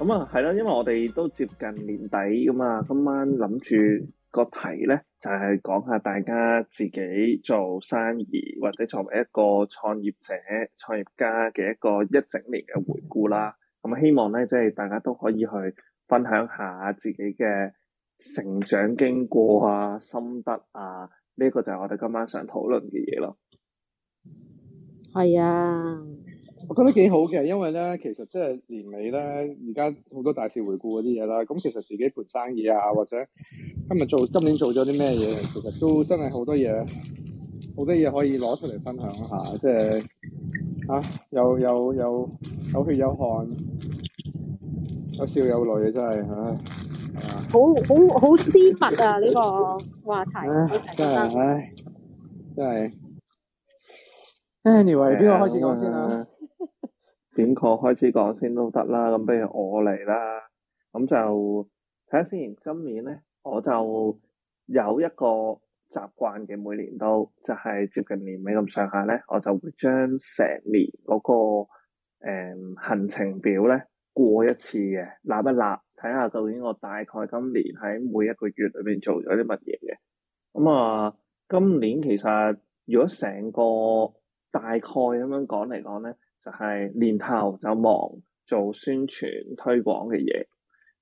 咁啊，係啦、嗯，因為我哋都接近年底咁啊，今晚諗住個題呢，就係、是、講下大家自己做生意或者作為一個創業者、創業家嘅一個一整年嘅回顧啦。咁、嗯、希望呢，即、就、係、是、大家都可以去分享下自己嘅成長經過啊、心得啊，呢、這個就係我哋今晚想討論嘅嘢咯。係啊。我覺得幾好嘅，因為咧，其實即係年尾咧，而家好多大事回顧嗰啲嘢啦。咁其實自己盤生意啊，或者今日做今年做咗啲咩嘢，其實都真係好多嘢，好多嘢可以攞出嚟分享一下。即係，吓、啊、有有有有血有汗，有笑有淚啊！真係吓，好好好私密啊！呢 個話題，啊、真係，真係。Anyway，邊個開始講、哎、呀先講。啊？點個開始講先都得啦，咁不如我嚟啦。咁就睇下先，今年咧我就有一個習慣嘅，每年都就係、是、接近年尾咁上下咧，我就會將成年嗰，那個、誒、行程表咧過一次嘅，立一立，睇下究竟我大概今年喺每一個月裏邊做咗啲乜嘢嘅。咁啊，今年其實如果成個大概咁樣講嚟講咧。就係年頭就忙做宣傳推廣嘅嘢，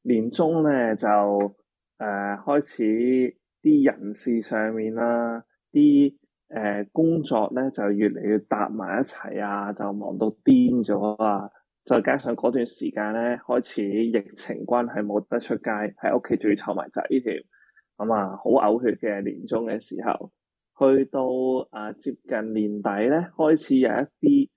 年中咧就誒、呃、開始啲人事上面啦，啲、啊、誒、呃、工作咧就越嚟越搭埋一齊啊，就忙到癲咗啊！再加上嗰段時間咧，開始疫情關係冇得出街，喺屋企仲要湊埋仔添，咁啊好嘔、嗯啊、血嘅年終嘅時候，去到啊接近年底咧，開始有一啲。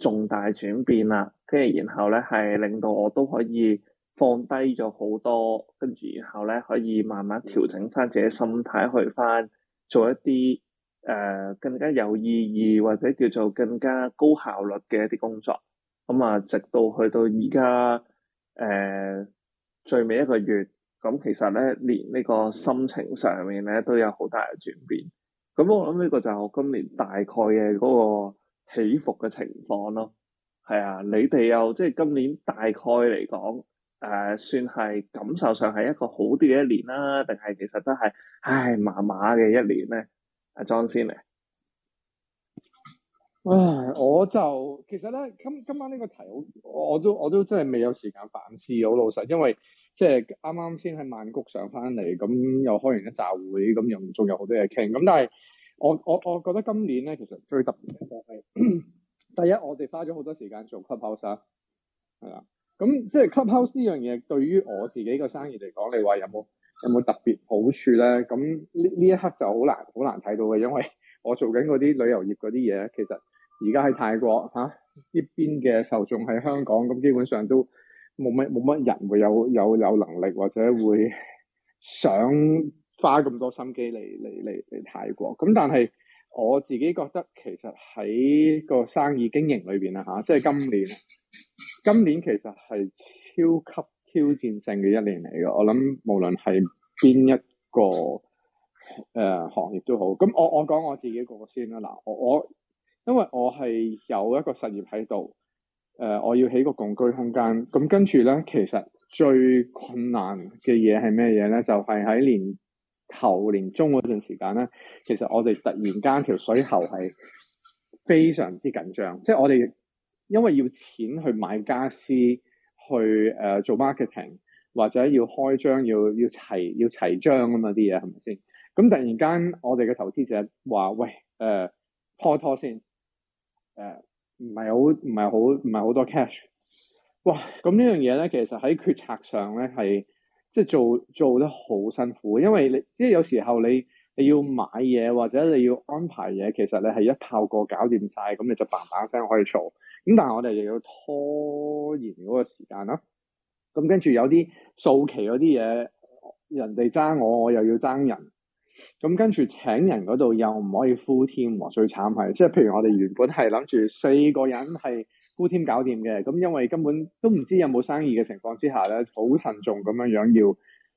重大轉變啦，跟住然後咧係令到我都可以放低咗好多，跟住然後咧可以慢慢調整返自己心態去返做一啲誒、呃、更加有意義或者叫做更加高效率嘅一啲工作。咁、嗯、啊，直到去到而家誒最尾一個月，咁、嗯、其實咧連呢個心情上面咧都有好大嘅轉變。咁、嗯、我諗呢個就係我今年大概嘅嗰、那個。起伏嘅情況咯，係啊，你哋又即係今年大概嚟講，誒、呃、算係感受上係一個好啲嘅一年啦、啊，定係其實都係唉麻麻嘅一年咧？阿、啊、John 先嚟，唉，我就其實咧今今晚呢個題好，我都我都真係未有時間反思，好老實，因為即係啱啱先喺曼谷上翻嚟，咁、嗯、又開完一集會，咁、嗯、又仲有好多嘢傾，咁、嗯、但係。我我我覺得今年咧，其實最特別嘅就係 第一，我哋花咗好多時間做 Clubhouse，係啊，咁即係 Clubhouse 呢樣嘢對於我自己個生意嚟講，你話有冇有冇特別好處咧？咁呢呢一刻就好難好難睇到嘅，因為我做緊嗰啲旅遊業嗰啲嘢，其實而家喺泰國嚇呢、啊、邊嘅受眾喺香港，咁基本上都冇乜冇乜人會有有有能力或者會想。花咁多心機嚟嚟嚟嚟泰國，咁但係我自己覺得其實喺個生意經營裏邊啦嚇，即、啊、係、就是、今年，今年其實係超級挑戰性嘅一年嚟嘅。我諗無論係邊一個誒、呃、行業都好，咁我我講我自己個個先啦。嗱，我因為我係有一個實業喺度，誒、呃、我要起個共居空間，咁跟住咧，其實最困難嘅嘢係咩嘢咧？就係喺年頭年中嗰段時間咧，其實我哋突然間條水喉係非常之緊張，即係我哋因為要錢去買家私、去誒、呃、做 marketing 或者要開張要要齊要齊張啊嘛啲嘢係咪先？咁突然間我哋嘅投資者話：喂誒、呃、拖拖先誒，唔係好唔係好唔係好多 cash。哇！咁呢樣嘢咧，其實喺決策上咧係。即係做做得好辛苦，因為你即係有時候你你要買嘢或者你要安排嘢，其實你係一炮過搞掂晒，咁你就 bang bang 聲可以做。咁但係我哋又要拖延嗰個時間啦。咁跟住有啲數期嗰啲嘢，人哋爭我，我又要爭人。咁跟住請人嗰度又唔可以 full 添，最慘係即係譬如我哋原本係諗住四個人係。呼添搞掂嘅，咁因為根本都唔知有冇生意嘅情況之下咧，好慎重咁樣樣要，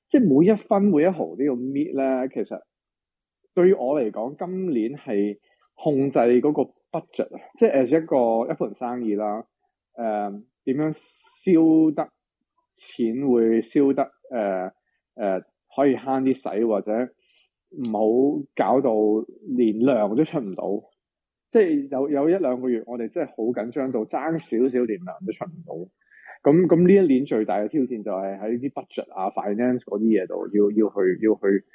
即係每一分每一毫都要搣 e 咧，其實對於我嚟講，今年係控制嗰個 budget 啊，即係一個一盤生意啦。誒、呃、點樣燒得錢會燒得誒誒、呃呃、可以慳啲使，或者唔好搞到連糧都出唔到。即係有有一兩個月，我哋真係好緊張到爭少少連糧都出唔到。咁咁呢一年最大嘅挑戰就係喺啲 budget 啊、finance 嗰啲嘢度，要要去要去，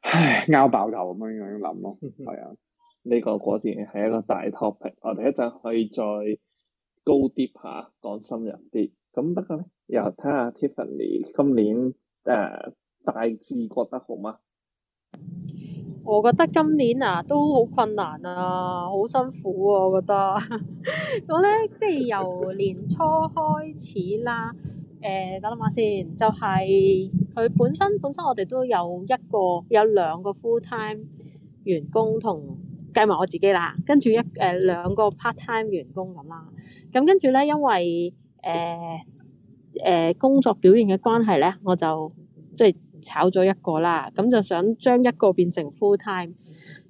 唉，拗爆頭咁樣樣諗咯。係、嗯、哼啊，呢個果然係一個大 topic。我哋一陣可以再 go deep 啲下，講深入啲。咁不過咧，又睇下 Tiffany 今年誒、uh，大致覺得好嗎？我覺得今年啊都好困難啊，好辛苦喎、啊！我覺得， 我咧即係由年初開始啦，誒、 呃、等諗下先，就係、是、佢本身本身我哋都有一個有兩個 full time 員工同計埋我自己啦，跟住一誒、呃、兩個 part time 員工咁啦，咁、嗯、跟住咧因為誒誒、呃呃、工作表現嘅關係咧，我就即係。炒咗一個啦，咁就想將一個變成 full time，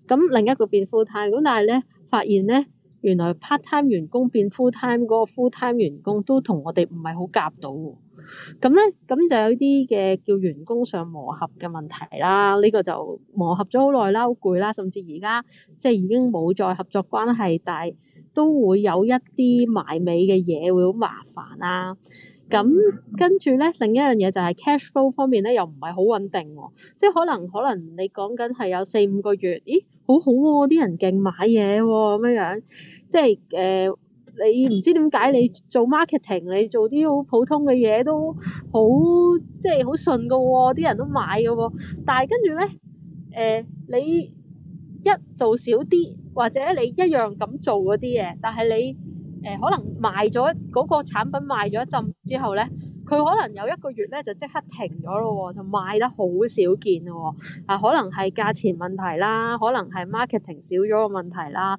咁另一個變 full time，咁但係咧發現咧，原來 part time 員工變 full time 嗰個 full time 員工都同我哋唔係好夾到，咁咧咁就有啲嘅叫員工上磨合嘅問題啦。呢個就磨合咗好耐啦，好攰啦，甚至而家即係已經冇再合作關係，但係都會有一啲埋尾嘅嘢會好麻煩啦。咁跟住咧，另一樣嘢就係 cashflow 方面咧，又唔係好穩定喎、哦。即係可能可能你講緊係有四五個月，咦，好好喎、哦，啲人勁買嘢喎、哦，咁樣樣。即係誒、呃，你唔知點解你做 marketing，你做啲好普通嘅嘢都好，即係好順㗎喎，啲人都買㗎喎、哦。但係跟住咧，誒、呃、你一做少啲，或者你一樣咁做嗰啲嘢，但係你。誒、呃、可能賣咗嗰、嗰個產品賣咗一陣之後咧，佢可能有一個月咧就即刻停咗咯喎，就賣得好少見喎。啊，可能係價錢問題啦，可能係 marketing 少咗個問題啦，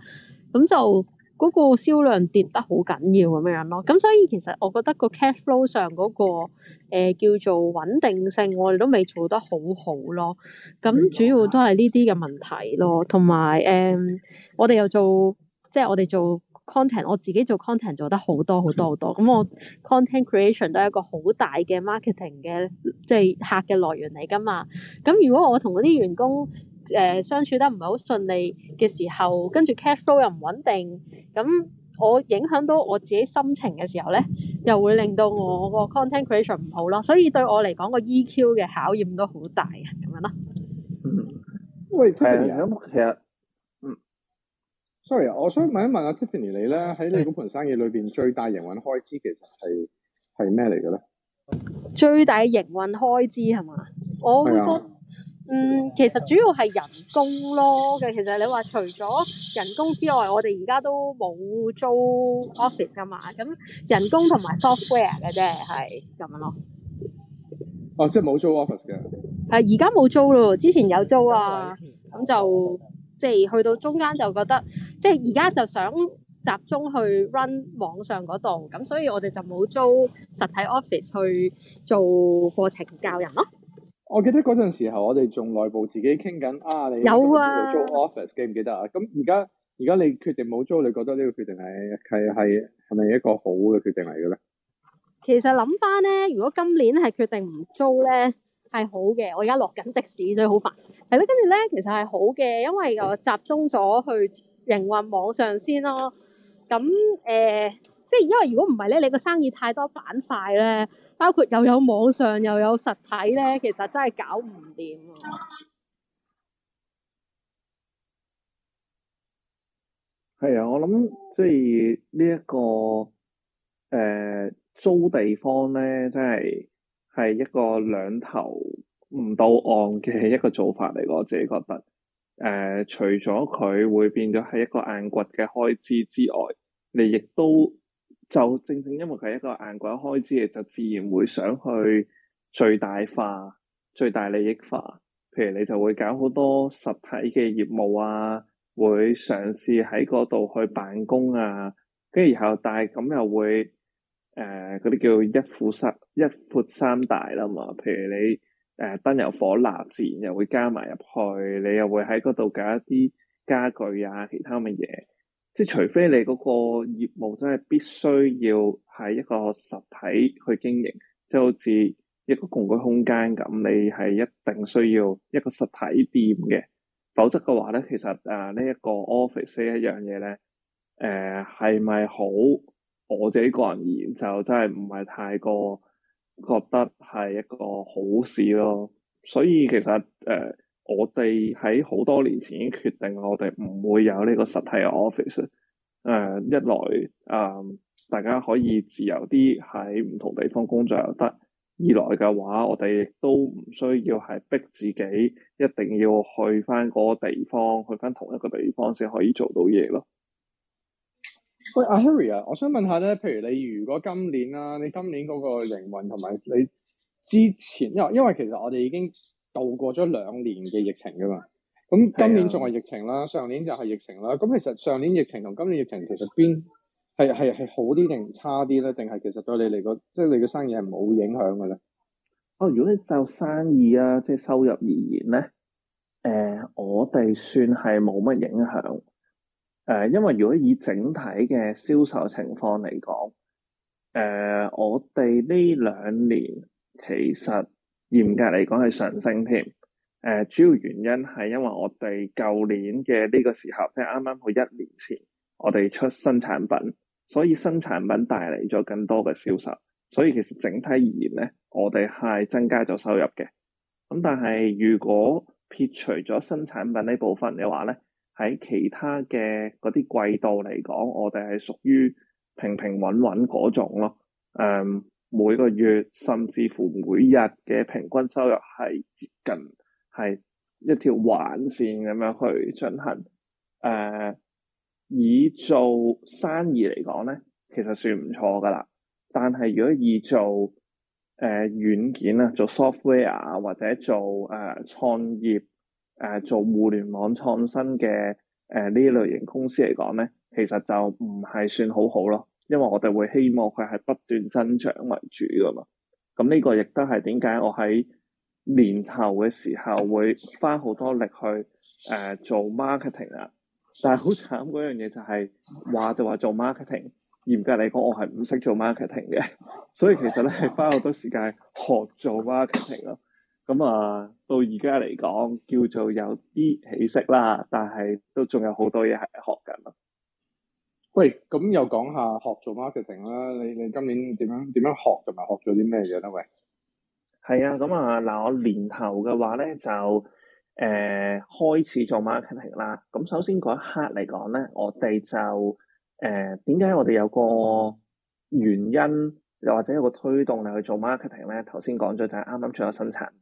咁就嗰個銷量跌得好緊要咁樣樣咯。咁所以其實我覺得個 cash flow 上嗰、嗰個、呃、叫做穩定性我哋都未做得好好咯。咁主要都係呢啲嘅問題咯，同埋誒我哋又做即係、即係、我哋做。content 我自己做 content 做得好多好多好多，咁我 content creation 都係一個好大嘅 marketing 嘅即係客嘅來源嚟噶嘛。咁如果我同嗰啲員工誒、呃、相處得唔係好順利嘅時候，跟住 cash flow 又唔穩定，咁我影響到我自己心情嘅時候咧，又會令到我個 content creation 唔好咯。所以對我嚟講個 EQ 嘅考驗都好大嘅咁樣咯。嗯，Sorry 啊，我想問一問阿、啊、Tiffany 你咧，喺你嗰盤生意裏邊最大營運開支其實係係咩嚟嘅咧？呢最大嘅營運開支係嘛？我會覺嗯，其實主要係人工咯嘅。其實你話除咗人工之外，我哋而家都冇租 office 噶嘛？咁人工同埋 software 嘅啫，係咁樣咯。哦，oh, 即係冇租 office 嘅。係而家冇租咯，之前有租啊，咁就。即係去到中間就覺得，即係而家就想集中去 run 網上嗰度，咁所以我哋就冇租實體 office 去做課程教人咯。我記得嗰陣時候，我哋仲內部自己傾緊啊，你有，有啊租 office 記唔記得啊？咁而家而家你決定冇租，你覺得呢個決定係係係係咪一個好嘅決定嚟嘅咧？其實諗翻咧，如果今年係決定唔租咧。係好嘅，我而家落緊的士，所以好煩。係咯，跟住咧，其實係好嘅，因為我集中咗去營運網上先咯。咁誒、呃，即係因為如果唔係咧，你個生意太多板塊咧，包括又有網上又有實體咧，其實真係搞唔掂。係啊，我諗即係呢一個誒、呃、租地方咧，真係。係一個兩頭唔到岸嘅一個做法嚟，我自己覺得。誒、呃，除咗佢會變咗係一個硬骨嘅開支之外，你亦都就正正因為佢係一個硬骨嘅開支，你就自然會想去最大化、最大利益化。譬如你就會搞好多實體嘅業務啊，會嘗試喺嗰度去辦公啊，跟住然後，但係咁又會。誒嗰啲叫一富室，一闊三大啦嘛，譬如你誒、呃、燈油火蠟自然又會加埋入去，你又會喺嗰度搞一啲家具啊，其他咁嘅嘢，即係除非你嗰個業務真係必須要喺一個實體去經營，即係好似一個共居空間咁，你係一定需要一個實體店嘅，否則嘅話咧，其實誒、呃這個、呢一個 office 呢一樣嘢咧，誒係咪好？是我自己個人而言，就真係唔係太過覺得係一個好事咯，所以其實誒、呃、我哋喺好多年前已經決定我哋唔會有呢個實體嘅 office。誒、呃、一來誒、呃、大家可以自由啲喺唔同地方工作又得；二來嘅話，我哋亦都唔需要係逼自己一定要去返嗰個地方，去返同一個地方先可以做到嘢咯。喂，阿 Harry 啊，我想問下咧，譬如你如果今年啦、啊，你今年嗰個營運同埋你之前，因為因為其實我哋已經度過咗兩年嘅疫情噶嘛，咁今年仲係疫情啦，是啊、上年就係疫情啦，咁其實上年疫情同今年疫情其實邊係係係好啲定差啲咧？定係其實對你嚟講，即、就、係、是、你嘅生意係冇影響嘅咧？哦，如果你就生意啊，即、就、係、是、收入而言咧，誒、呃，我哋算係冇乜影響。誒，因為如果以整體嘅銷售情況嚟講，誒、呃，我哋呢兩年其實嚴格嚟講係上升添。誒、呃，主要原因係因為我哋舊年嘅呢個時候，即係啱啱去一年前，我哋出新產品，所以新產品帶嚟咗更多嘅銷售。所以其實整體而言咧，我哋係增加咗收入嘅。咁但係如果撇除咗新產品呢部分嘅話咧，喺其他嘅嗰啲季度嚟講，我哋係屬於平平穩穩嗰種咯。誒、嗯、每個月甚至乎每日嘅平均收入係接近係一條橫線咁樣去進行誒、呃。以做生意嚟講咧，其實算唔錯㗎啦。但係如果以做誒、呃、軟件啊，做 software 啊或者做誒、呃、創業。誒做互聯網創新嘅誒呢類型公司嚟講咧，其實就唔係算好好咯，因為我哋會希望佢係不斷增長為主噶嘛。咁、嗯、呢、這個亦都係點解我喺年頭嘅時候會花好多力去誒、呃、做 marketing 啊。但係好慘嗰樣嘢就係、是、話就話做 marketing，嚴格嚟講我係唔識做 marketing 嘅，所以其實咧係花好多時間學做 marketing 咯。咁啊、嗯，到而家嚟講，叫做有啲起色啦，但係都仲有好多嘢係學緊咯。喂，咁又講下學做 marketing 啦。你你今年點樣點樣學同埋學咗啲咩嘢咧？喂，係啊，咁、嗯、啊，嗱、嗯，我年頭嘅話咧就誒、呃、開始做 marketing 啦。咁、嗯、首先嗰一刻嚟講咧，我哋就誒點解我哋有個原因？又或者有個推動力去做 marketing 咧，頭先講咗就係啱啱出咗新產品。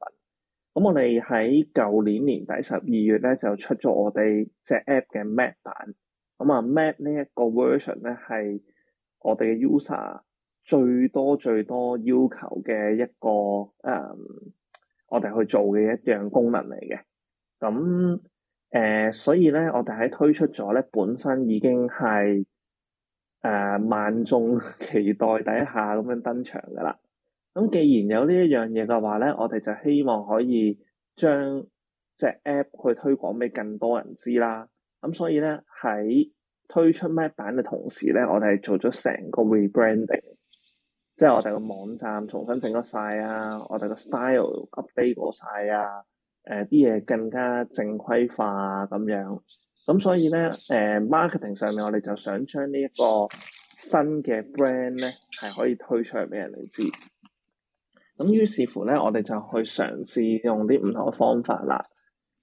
咁我哋喺舊年年底十二月咧就出咗我哋隻 app 嘅 Mac 版。咁啊 Mac 呢一個 version 咧係我哋嘅 user 最多最多要求嘅一個誒、嗯，我哋去做嘅一樣功能嚟嘅。咁誒、呃，所以咧我哋喺推出咗咧，本身已經係。誒萬眾期待底下咁樣登場㗎啦。咁既然有呢一樣嘢嘅話咧，我哋就希望可以將隻 app 去推廣俾更多人知啦。咁所以咧喺推出 Mac 版嘅同時咧，我哋係做咗成個 rebranding，即係我哋個網站重新整咗曬啊，我哋個 style update 過曬啊，誒啲嘢更加正規化啊咁樣。咁所以咧，誒、呃、marketing 上面我哋就想將呢一個新嘅 brand 咧，係可以推出嚟俾人哋知。咁於是乎咧，我哋就去嘗試用啲唔同嘅方法啦。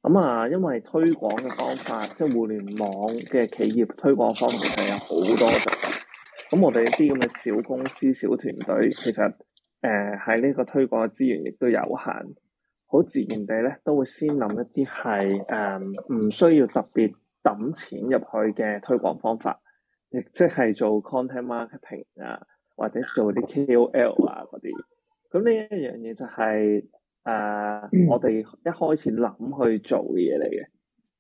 咁啊，因為推廣嘅方法，即係互聯網嘅企業推廣方面就有好多種。咁我哋啲咁嘅小公司、小團隊，其實誒喺呢個推廣嘅資源亦都有限，好自然地咧都會先諗一啲係誒唔需要特別抌錢入去嘅推廣方法，亦即係做 content marketing 啊，或者做啲 KOL 啊嗰啲。咁呢一樣嘢就係、是、誒、呃、我哋一開始諗去做嘅嘢嚟嘅。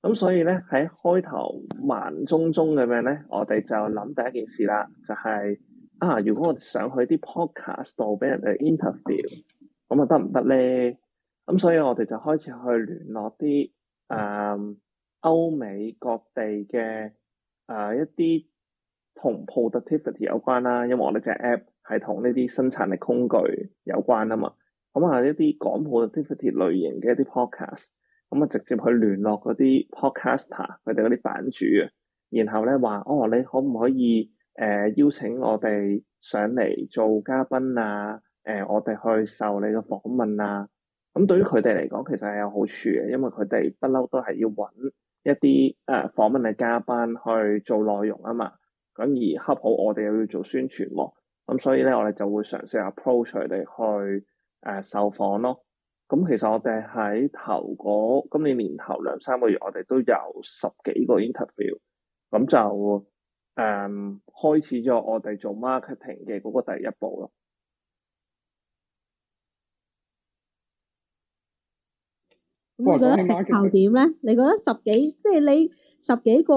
咁所以咧，喺開頭慢中中咁樣咧，我哋就諗第一件事啦，就係、是、啊，如果我哋想去啲 podcast 度俾人哋 interview，咁啊得唔得咧？咁所以我哋就開始去聯絡啲誒。嗯歐美各地嘅啊、呃、一啲同 productivity 有關啦，因為我呢隻 app 係同呢啲生產力工具有關啊嘛。咁、嗯、啊一啲講 productivity 類型嘅一啲 podcast，咁、嗯、啊直接去聯絡嗰啲 podcaster，佢哋嗰啲版主啊，然後咧話哦，你可唔可以誒、呃、邀請我哋上嚟做嘉賓啊？誒、呃、我哋去受你嘅訪問啊？咁、嗯、對於佢哋嚟講其實係有好處嘅，因為佢哋不嬲都係要揾。一啲誒、呃、訪問嘅加班去做內容啊嘛，咁而恰好我哋又要做宣傳喎，咁、嗯、所以咧我哋就會嘗試下 approach 佢哋去誒受、呃、訪咯。咁、嗯、其實我哋喺頭嗰今年年頭兩三個月，我哋都有十幾個 interview，咁、嗯、就誒、嗯、開始咗我哋做 marketing 嘅嗰個第一步咯。哇你覺得成效點咧？你覺得十幾，即係你十幾個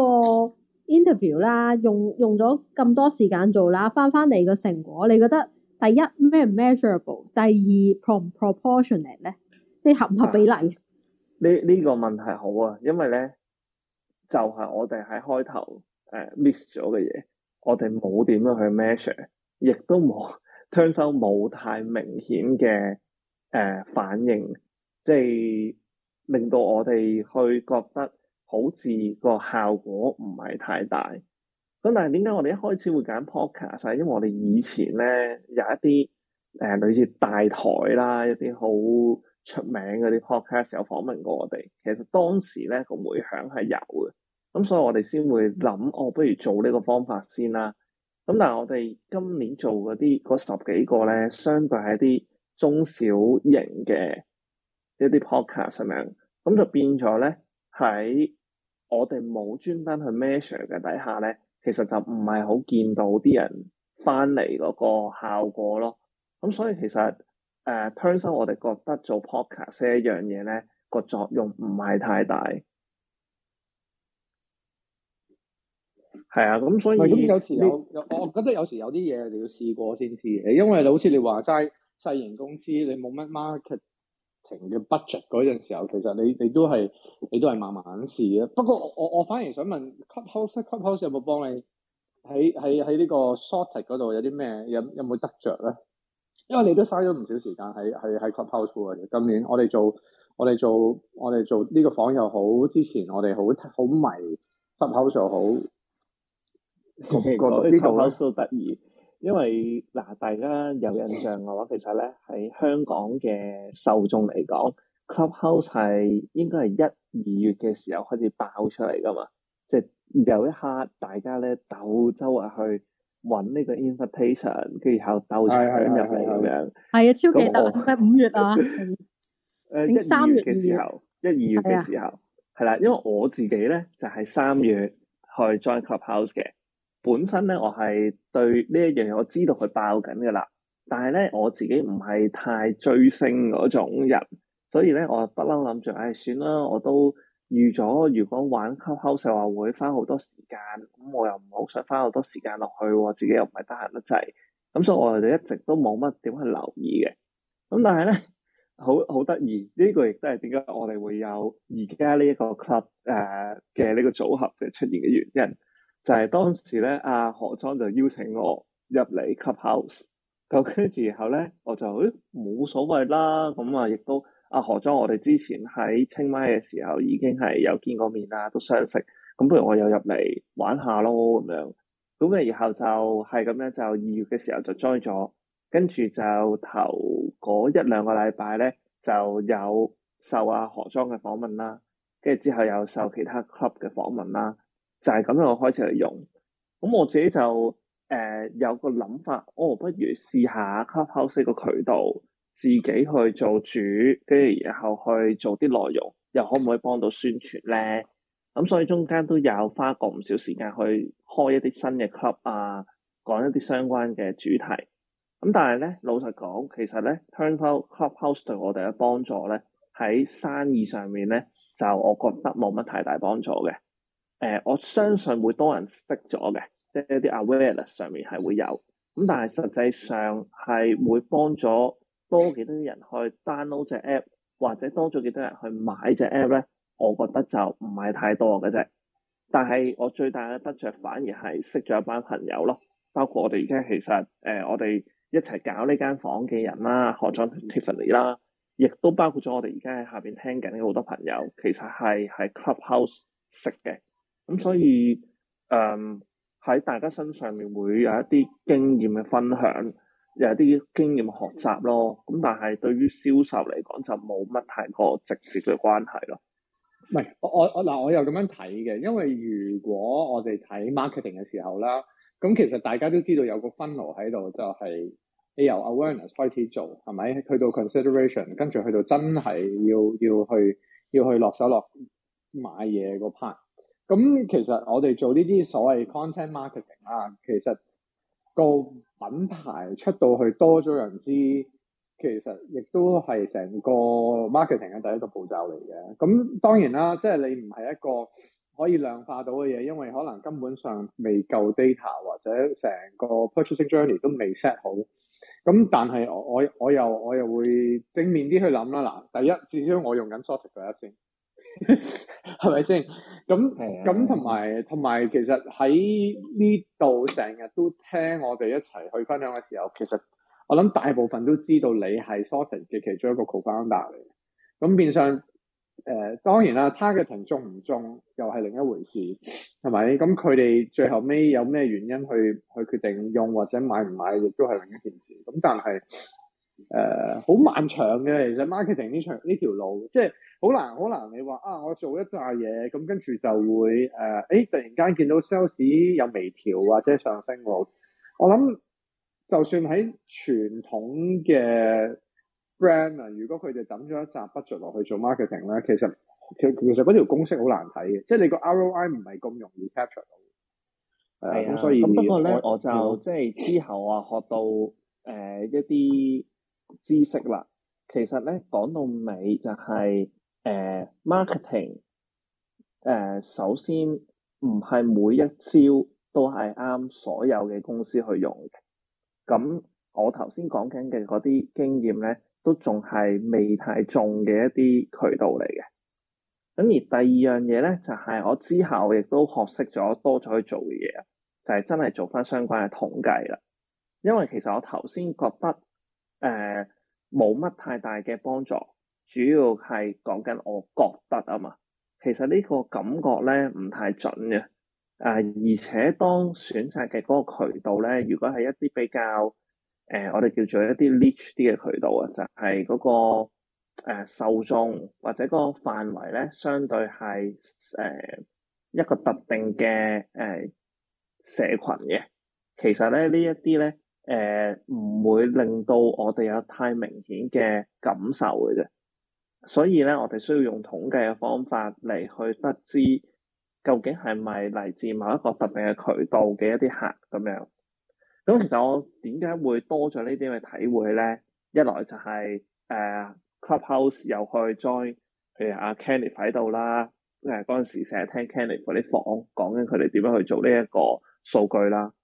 interview 啦，用用咗咁多時間做啦，翻翻嚟個成果，你覺得第一咩唔 measurable，第二 pro 唔 proportionate 咧？即係合唔合，合比例？呢呢、啊這個問題好啊，因為咧就係、是、我哋喺開頭誒 miss 咗嘅嘢，我哋冇點樣去 measure，亦都冇 turn 收冇太明顯嘅誒反應，即係。令到我哋去覺得好似個效果唔係太大。咁但係點解我哋一開始會揀 podcast？係因為我哋以前咧有一啲誒類似大台啦，一啲好出名嗰啲 podcast 有訪問過我哋。其實當時咧個回響係有嘅，咁所以我哋先會諗，我、哦、不如做呢個方法先啦。咁但係我哋今年做嗰啲嗰十幾個咧，相對係一啲中小型嘅。呢啲 podcast 咁樣，咁就變咗咧喺我哋冇專登去 measure 嘅底下咧，其實就唔係好見到啲人翻嚟嗰個效果咯。咁所以其實誒 turn 收我哋覺得做 podcast 呢一樣嘢咧個作用唔係太大。係啊，咁所以咁有時有，你有我覺得有時有啲嘢你要試過先知，因為你好似你話齋細型公司你冇乜 market。停嘅 budget 嗰陣時候，其實你你都係你都係慢慢試啊。不過我我我反而想問 Clubhouse Clubhouse 有冇幫你喺喺喺呢個 shortage 嗰度有啲咩有有冇得着咧？因為你都嘥咗唔少時間喺喺喺 Clubhouse 度嘅。今年我哋做我哋做我哋做呢個房又好，之前我哋好好迷 Clubhouse 又好，我呢度。 因為嗱，大家有印象嘅話，其實咧喺香港嘅受眾嚟講，Clubhouse 係應該係一、二月嘅時候開始爆出嚟噶嘛，即係有一刻大家咧鬥周圍去搵呢個 invitation，跟住然後斗場入嚟咁樣，係啊，超記得，五月啊，誒， 三月嘅時候，一二月嘅時候，係啦，因為我自己咧就係三月去 join Clubhouse 嘅。本身咧，我係對呢一樣嘢我知道佢爆緊嘅啦。但係咧，我自己唔係太追星嗰種人，所以咧，我不嬲諗住，唉、哎，算啦，我都預咗，如果玩 club house，話會花好多時間，咁我又唔好想花好多時間落去喎，自己又唔係得閒得滯，咁所以我哋就一直都冇乜點去留意嘅。咁但係咧，好好得意，呢個亦都係點解我哋會有而家呢一個 club 誒嘅呢個組合嘅出現嘅原因。就係當時咧，阿何莊就邀請我入嚟 Clubhouse。咁跟住然後咧，我就誒冇、欸、所謂啦。咁啊，亦都阿何莊，我哋之前喺清邁嘅時候已經係有見過面啦，都相識。咁不如我又入嚟玩下咯，咁樣。咁嘅然後就係咁、就是、樣，就二月嘅時候就 join 咗。跟住就頭嗰一兩個禮拜咧，就有受阿、啊、何莊嘅訪問啦。跟住之後又受其他 club 嘅訪問啦。就係咁樣，我開始去用。咁我自己就誒、呃、有個諗法，我、哦、不如試下 Clubhouse 個渠道，自己去做主，跟住然後去做啲內容，又可唔可以幫到宣傳咧？咁所以中間都有花過唔少時間去開一啲新嘅 club 啊，講一啲相關嘅主題。咁但係咧，老實講，其實咧 Turnhouse Clubhouse 對我哋嘅幫助咧，喺生意上面咧，就我覺得冇乜太大幫助嘅。誒、呃，我相信會多人識咗嘅，即係一啲 awareness 上面係會有，咁但係實際上係會幫咗多幾多人去 download 隻 app，或者多咗幾多人去買隻 app 咧？我覺得就唔係太多嘅啫。但係我最大嘅得着反而係識咗一班朋友咯，包括我哋而家其實誒、呃，我哋一齊搞呢間房嘅人啦，學長 Tiffany 啦，亦都包括咗我哋而家喺下邊聽緊嘅好多朋友，其實係喺 Clubhouse 識嘅。咁、嗯、所以，誒、嗯、喺大家身上面會有一啲經驗嘅分享，有一啲經驗學習咯。咁但係對於銷售嚟講就冇乜太過直接嘅關係咯。唔係我我嗱，我又咁樣睇嘅，因為如果我哋睇 marketing 嘅時候啦，咁其實大家都知道有個分流喺度，就係、是、你由 awareness 開始做，係咪去到 consideration，跟住去到真係要要去要去落手落買嘢嗰 part。咁其實我哋做呢啲所謂 content marketing 啦，其實個品牌出到去多咗人知，其實亦都係成個 marketing 嘅第一個步驟嚟嘅。咁當然啦，即係你唔係一個可以量化到嘅嘢，因為可能根本上未夠 data 或者成個 purchasing journey 都未 set 好。咁但係我我我又我又會正面啲去諗啦。嗱，第一，至少我用緊 sort of 第一先。係咪先？咁咁同埋同埋，其實喺呢度成日都聽我哋一齊去分享嘅時候，其實我諗大部分都知道你係 Sorbet 嘅其中一個 Co-founder 嚟嘅。咁，er，變相誒，呃，當然啦，Targeting 中唔中又係另一回事，係咪？咁佢哋最後尾有咩原因去去決定用或者買唔買，亦都係另一件事。咁但係。誒，好、uh, 漫長嘅其實 marketing 呢場呢條路，即係好難好難你。你話啊，我做一紮嘢，咁跟住就會誒，誒、uh, 欸、突然間見到 sales 有微調或者上升。我諗就算喺傳統嘅 brand 啊，如果佢哋抌咗一紮 budget 落去做 marketing 咧，其實其其實嗰條公式好難睇嘅，即係你個 ROI 唔係咁容易 capture 到。係啊，咁、uh, 不過咧，我，我就即係、嗯、之後啊，學到誒、呃、一啲。知識啦，其實咧講到尾就係、是、誒、呃、Marketing，誒、呃、首先唔係每一招都係啱所有嘅公司去用嘅。咁我頭先講緊嘅嗰啲經驗咧，都仲係未太重嘅一啲渠道嚟嘅。咁而第二樣嘢咧，就係、是、我之後亦都學識咗多咗去做嘅嘢，就係、是、真係做翻相關嘅統計啦。因為其實我頭先覺得。誒，冇乜、呃、太大嘅幫助，主要係講緊我覺得啊嘛。其實呢個感覺咧唔太準嘅。誒、呃，而且當選擇嘅嗰個渠道咧，如果係一啲比較誒、呃，我哋叫做一啲 niche 啲嘅渠道啊，就係、是、嗰、那個誒、呃、受眾或者個範圍咧，相對係誒、呃、一個特定嘅誒、呃、社群嘅。其實咧呢一啲咧。誒唔、呃、會令到我哋有太明顯嘅感受嘅啫，所以咧，我哋需要用統計嘅方法嚟去得知究竟係咪嚟自某一個特定嘅渠道嘅一啲客咁樣。咁其實我點解會多咗呢啲嘅體會咧？一來就係、是、誒、呃、Clubhouse 又去 join，譬如阿 Kenneth 喺度啦，誒嗰陣時成日聽 Kenneth 嗰啲房講緊佢哋點樣去做呢一個數據啦。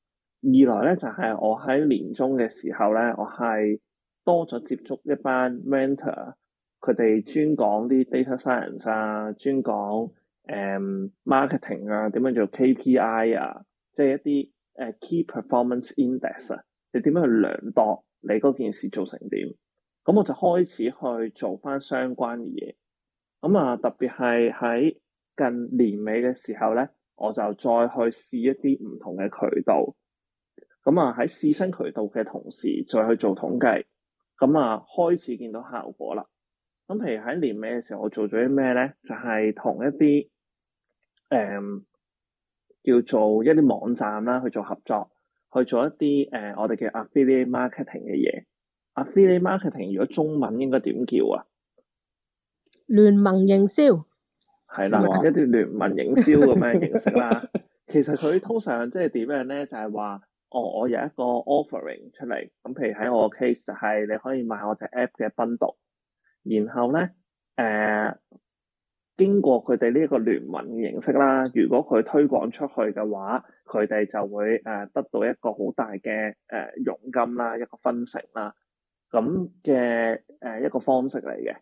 二來咧就係、是、我喺年中嘅時候咧，我係多咗接觸一班 mentor，佢哋專講啲 data science 啊，專講誒 marketing 啊，點樣做 KPI 啊，即係一啲誒、uh, key performance index 啊，你點樣去量度你嗰件事做成點？咁我就開始去做翻相關嘅嘢。咁啊，特別係喺近年尾嘅時候咧，我就再去試一啲唔同嘅渠道。咁啊喺試新渠道嘅同時，再去做統計，咁、嗯、啊開始見到效果啦。咁、嗯、譬如喺年尾嘅時候，我做咗啲咩咧？就係、是、同一啲誒、嗯、叫做一啲網站啦，去做合作，去做一啲誒、嗯、我哋嘅 affiliate marketing 嘅嘢。affiliate marketing 如果中文應該點叫啊？聯盟營銷係啦，麼一啲聯盟營銷咁樣嘅形式啦。 其實佢通常即係點樣咧？就係話。我、哦、我有一個 offering 出嚟，咁譬如喺我個 case 就係你可以買我隻 app 嘅 bundle 然後咧誒、呃、經過佢哋呢一個聯盟嘅形式啦，如果佢推廣出去嘅話，佢哋就會誒、呃、得到一個好大嘅誒、呃、佣金啦，一個分成啦，咁嘅誒一個方式嚟嘅。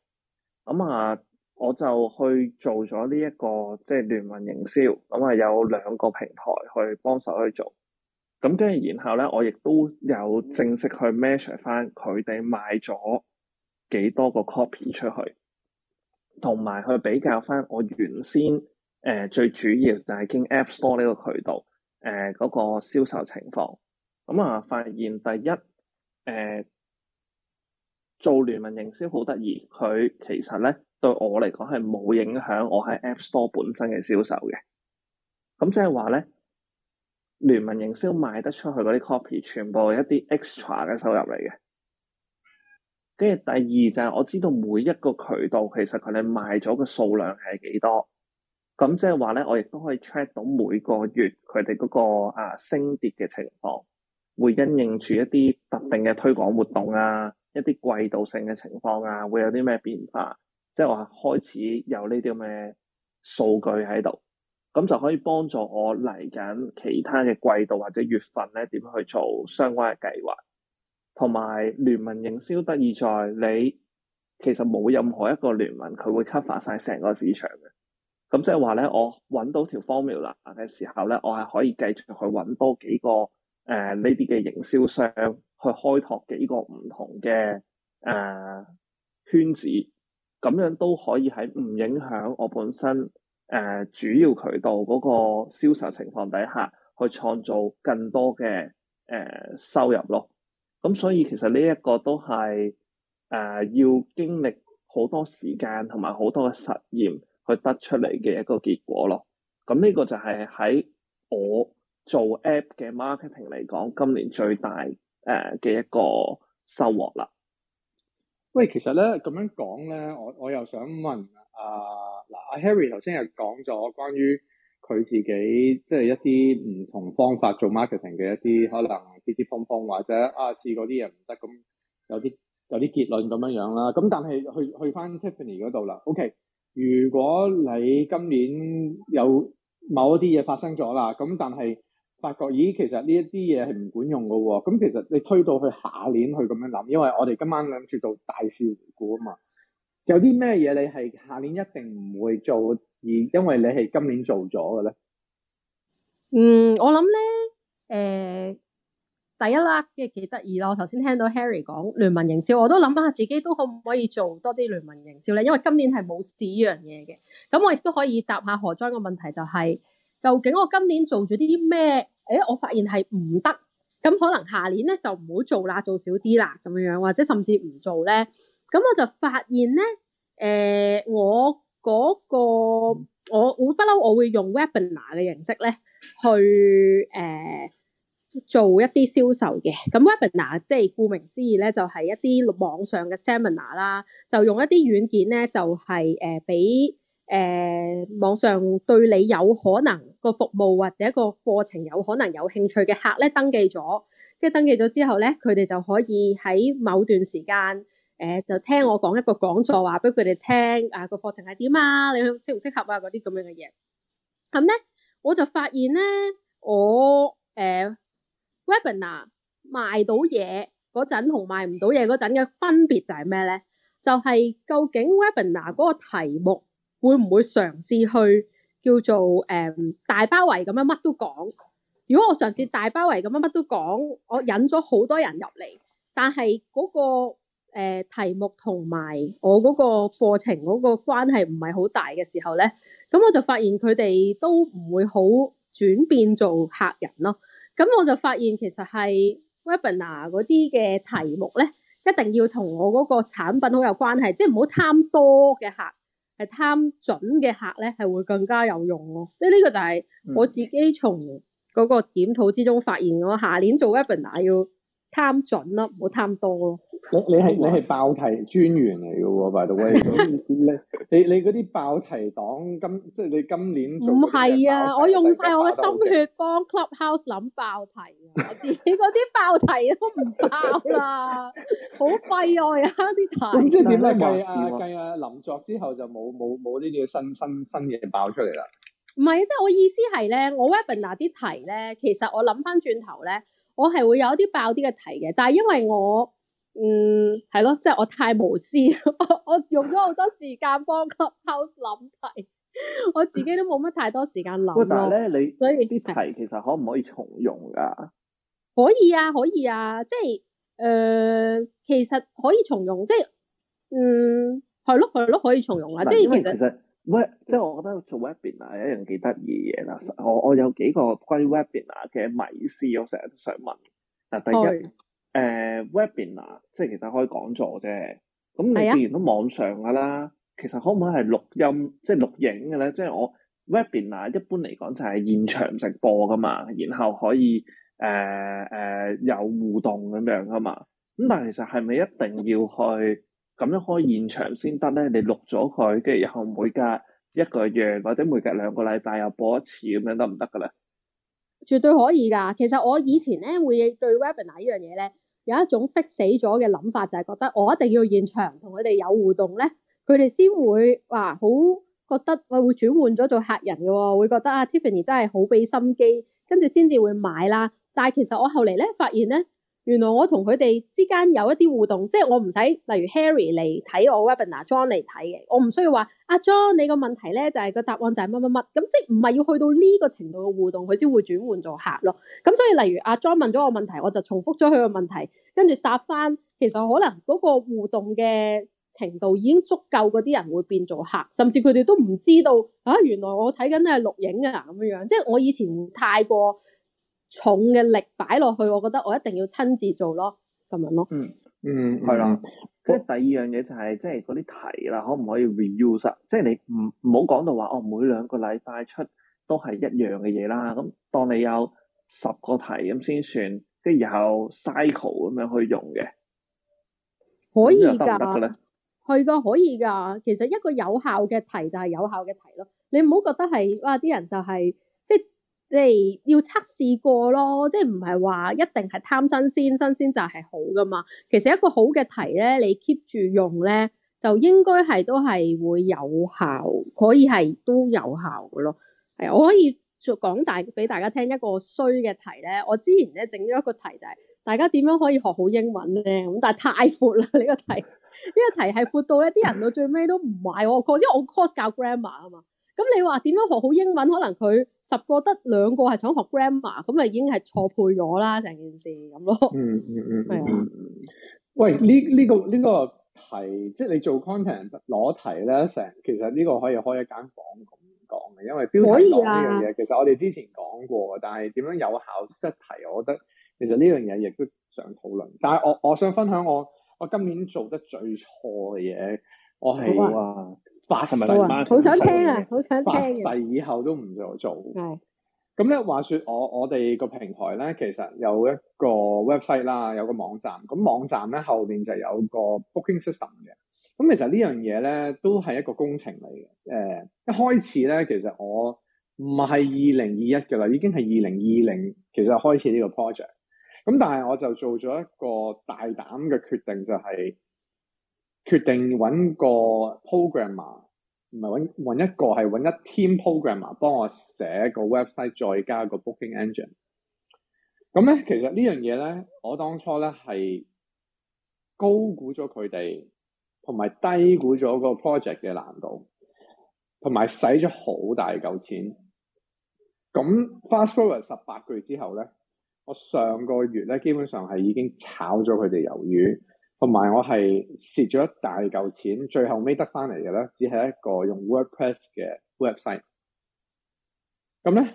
咁、嗯、啊、呃，我就去做咗呢一個即係聯盟營銷，咁、嗯、啊、呃、有兩個平台去幫手去做。咁跟住，然後咧，我亦都有正式去 measure 翻佢哋賣咗幾多個 copy 出去，同埋去比較翻我原先誒、呃、最主要就係經 App Store 呢個渠道誒嗰、呃那個銷售情況。咁、嗯、啊、呃，發現第一誒、呃、做聯盟營銷好得意，佢其實咧對我嚟講係冇影響我喺 App Store 本身嘅銷售嘅。咁即係話咧。聯盟營銷賣得出去嗰啲 copy，全部一啲 extra 嘅收入嚟嘅。跟住第二就係、是、我知道每一個渠道其實佢哋賣咗嘅數量係幾多，咁即係話咧，我亦都可以 check 到每個月佢哋嗰個啊升跌嘅情況，會因應住一啲特定嘅推廣活動啊，一啲季度性嘅情況啊，會有啲咩變化，即係話開始有呢啲咁嘅數據喺度。咁就可以幫助我嚟緊其他嘅季度或者月份咧，點樣去做相關嘅計劃？同埋聯盟營銷得意在你其實冇任何一個聯盟佢會 cover 晒成個市場嘅。咁即係話咧，我揾到條 formula 嘅時候咧，我係可以繼續去揾多幾個誒呢啲嘅營銷商去開拓幾個唔同嘅誒、呃、圈子，咁樣都可以喺唔影響我本身。誒、呃、主要渠道嗰、那個銷售情況底下，去創造更多嘅誒、呃、收入咯。咁所以其實呢一個都係誒、呃、要經歷好多時間同埋好多嘅實驗去得出嚟嘅一個結果咯。咁呢個就係喺我做 app 嘅 marketing 嚟講，今年最大誒嘅一個收穫啦。喂，其實咧咁樣講咧，我我又想問。啊嗱，阿、uh, Harry 頭先又講咗關於佢自己即係、就是、一啲唔同方法做 marketing 嘅一啲可能跌跌碰碰，或者啊試過啲嘢唔得，咁有啲有啲結論咁樣樣啦。咁但係去去返 Tiffany 嗰度啦。OK，如果你今年有某一啲嘢發生咗啦，咁但係發覺咦，其實呢一啲嘢係唔管用嘅喎、哦。咁其實你推到去下年去咁樣諗，因為我哋今晚諗住做大事回顧啊嘛。有啲咩嘢你係下年一定唔會做，而因為你係今年做咗嘅咧？嗯，我諗咧，誒、呃，第一啦，即係幾得意咯。我頭先聽到 Harry 講聯盟營銷，我都諗翻下自己都可唔可以做多啲聯盟營銷咧？因為今年係冇試依樣嘢嘅。咁我亦都可以答下何莊嘅問題、就係，就係究竟我今年做咗啲咩？誒，我發現係唔得，咁可能下年咧就唔好做啦，做少啲啦，咁樣樣，或者甚至唔做咧。咁我就發現咧，誒、呃，我嗰、嗰個我我不嬲，我會用 webinar 嘅形式咧，去誒、呃、做一啲銷售嘅。咁 webinar 即係顧名思義咧，就係、係、一啲網上嘅 seminar 啦，就用一啲軟件咧，就係誒俾誒網上對你有可能個服務或者一個課程有可能有興趣嘅客咧登記咗，跟住登記咗之後咧，佢哋就可以喺某段時間，誒就聽我講一個講座，話俾佢哋聽，啊個課程係點啊？你適唔適合啊？嗰啲咁樣嘅嘢，咁咧我就發現咧，我誒 webinar 賣到嘢嗰陣同賣唔到嘢嗰陣嘅分別就係咩咧？就係究竟 webinar 嗰個題目會唔會嘗試去叫做誒大包圍咁樣乜都講？如果我嘗試大包圍咁樣乜都講，我引咗好多人入嚟，但係嗰個。誒，題目同埋我嗰個課程嗰個關係唔係好大嘅時候咧，咁我就發現佢哋都唔會好轉變做客人咯。咁我就發現其實係 webinar 嗰啲嘅題目咧，一定要同我嗰個產品好有關係，即係唔好貪多嘅客，係貪準嘅客咧係會更加有用咯。即係呢個就係我自己從嗰個檢討之中發現我下年做 webinar 要。貪準咯，唔好貪多咯。你你係你係爆題專員嚟嘅喎，by the way。你你你嗰啲爆題黨，今即係你今年唔係啊！題我用晒我嘅心血幫 Clubhouse 諗爆題啊！我自己嗰啲爆題都唔爆啦，好 廢啊！而啲題即係點咧？計啊計啊！林、啊啊、作之後就冇冇冇呢啲新新新嘢爆出嚟啦。唔係即係我意思係咧，我，我 Webinar 啲題咧，其實我諗翻轉頭咧。呢呢我係會有一啲爆啲嘅題嘅，但係因為我，嗯，係咯，即係我太無私，我 我用咗好多時間幫 Clubhouse 諗題， 我自己都冇乜太多時間諗。但係咧，你所以啲題其實可唔可以重用噶？可以啊，可以啊，即係誒，其實可以重用，即係，嗯，係咯係咯，可以重用啊。即係，其實。即係我覺得做 webinar 係一樣幾得意嘅嘢，我我有幾個關於 webinar 嘅迷思，我成日都想問。嗱，第一，誒的、呃、webinar 即係其實可以講座啫。咁你既然都網上㗎啦，其實可唔可以係錄音即係錄影嘅咧？即係我 webinar 一般嚟講就係現場直播㗎嘛，然後可以誒誒、呃呃、有互動咁樣㗎嘛。咁但係其實係咪一定要去？咁樣可以現場先得咧？你錄咗佢，跟住然後每隔一個月或者每隔兩個禮拜又播一次咁樣得唔得㗎咧？絕對可以㗎。其實我以前咧會對 Webinar 呢樣嘢咧有一種識死咗嘅諗法，就係、是、覺得我一定要現場同佢哋有互動咧，佢哋先會話好覺得我會轉換咗做客人嘅喎、哦，會覺得啊 Tiffany 真係好俾心機，跟住先至會買啦。但係其實我後嚟咧發現咧。原來我同佢哋之間有一啲互動，即係我唔使例如 Harry 嚟睇我 Webinar，John 嚟睇嘅，我唔需要話阿 John 你個問題咧就係個答案就係乜乜乜，咁即係唔係要去到呢個程度嘅互動佢先會轉換做客咯。咁所以例如阿 John 問咗我問題，我就重複咗佢個問題，跟住答翻。其實可能嗰個互動嘅程度已經足夠，嗰啲人會變做客，甚至佢哋都唔知道啊，原來我睇緊係錄影啊咁樣。即係我以前太過，重嘅力擺落去，我覺得我一定要親自做咯，咁樣咯。嗯嗯，係啦，跟住、嗯、第二樣嘢就係、是、即係嗰啲題啦，可唔可以 reuse？即係你唔唔好講到話哦，每兩個禮拜出都係一樣嘅嘢啦。咁當你有十個題咁先算，跟住有 cycle 咁樣去用嘅，可以噶。得唔得嘅咧？係噶，可以噶。其實一個有效嘅題就係有效嘅題咯。你唔好覺得係哇，啲人就係、是、即係。你要測試過咯，即係唔係話一定係貪新鮮，新鮮就係好㗎嘛？其實一個好嘅題咧，你 keep 住用咧，就應該係都係會有效，可以係都有效嘅咯。係我可以講大俾大家聽一個衰嘅題咧，我之前咧整咗一個題就係、係、大家點樣可以學好英文咧咁，但係太闊啦呢、呢個題，呢 個題係闊到咧啲人到最尾都唔買我個 c o 我 course 教 grammar 啊嘛。咁你話點樣學好英文？可能佢十個得兩個係想學 grammar，咁咪已經係錯配咗啦，成件事咁咯。嗯嗯嗯，係、嗯、啊。 喂，呢呢、這個呢個題，嗯、即係你做 content 攞題咧，成其實呢個可以開一間房咁講嘅，因為標題呢樣嘢其實我哋之前講過，但係點樣有效出題，我覺得其實呢樣嘢亦都想討論。但係我我想分享我我今年做得最錯嘅嘢，我係話。八十年好想聽啊！好想聽嘅、啊。世以後都唔再做。係的。咁咧，話說我我哋個平台咧，其實有一個 website 啦，有個網站。咁網站咧後邊就有個 booking system 嘅。咁其實呢樣嘢咧，都係一個工程嚟嘅。誒、呃，一開始咧，其實我唔係二零二一嘅啦，已經係二零二零，其實開始呢個 project。咁但係我就做咗一個大膽嘅決定，就係、是。決定揾個 programmer，唔係揾揾一個，係揾一 team programmer 幫我寫個 website，再加個 booking engine。咁咧，其實呢樣嘢咧，我當初咧係高估咗佢哋，同埋低估咗個 project 嘅難度，同埋使咗好大嚿錢。咁 fast forward 十八個月之後咧，我上個月咧基本上係已經炒咗佢哋魷魚。同埋我係蝕咗一大嚿錢，最後尾得翻嚟嘅咧，只係一個用 WordPress 嘅 website。咁咧呢、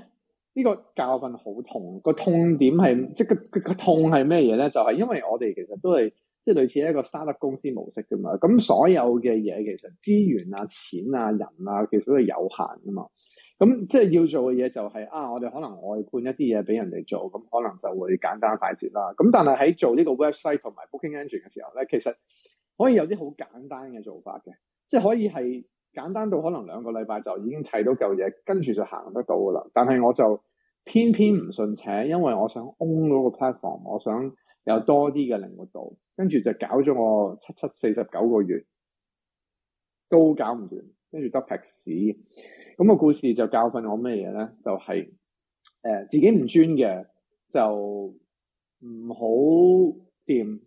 呢個教訓好痛，個痛點係即係個痛係咩嘢咧？就係、是、因為我哋其實都係即係類似一個 startup 公司模式㗎嘛。咁所有嘅嘢其實資源啊、錢啊、人啊，其實都係有限㗎嘛。咁即係要做嘅嘢就係、是、啊，我哋可能外判一啲嘢俾人哋做，咁可能就會簡單快捷啦。咁但係喺做呢個 website 同埋 booking engine 嘅時候呢，其實可以有啲好簡單嘅做法嘅，即係可以係簡單到可能兩個禮拜就已經砌到嚿嘢，跟住就行得到噶啦。但係我就偏偏唔信邪，因為我想 own 嗰個 platform，我想有多啲嘅靈活度，跟住就搞咗我七七四十九個月都搞唔完，跟住得劈屎。咁個故事就教訓我咩嘢咧？就係、是、誒、呃、自己唔專嘅，就唔好掂。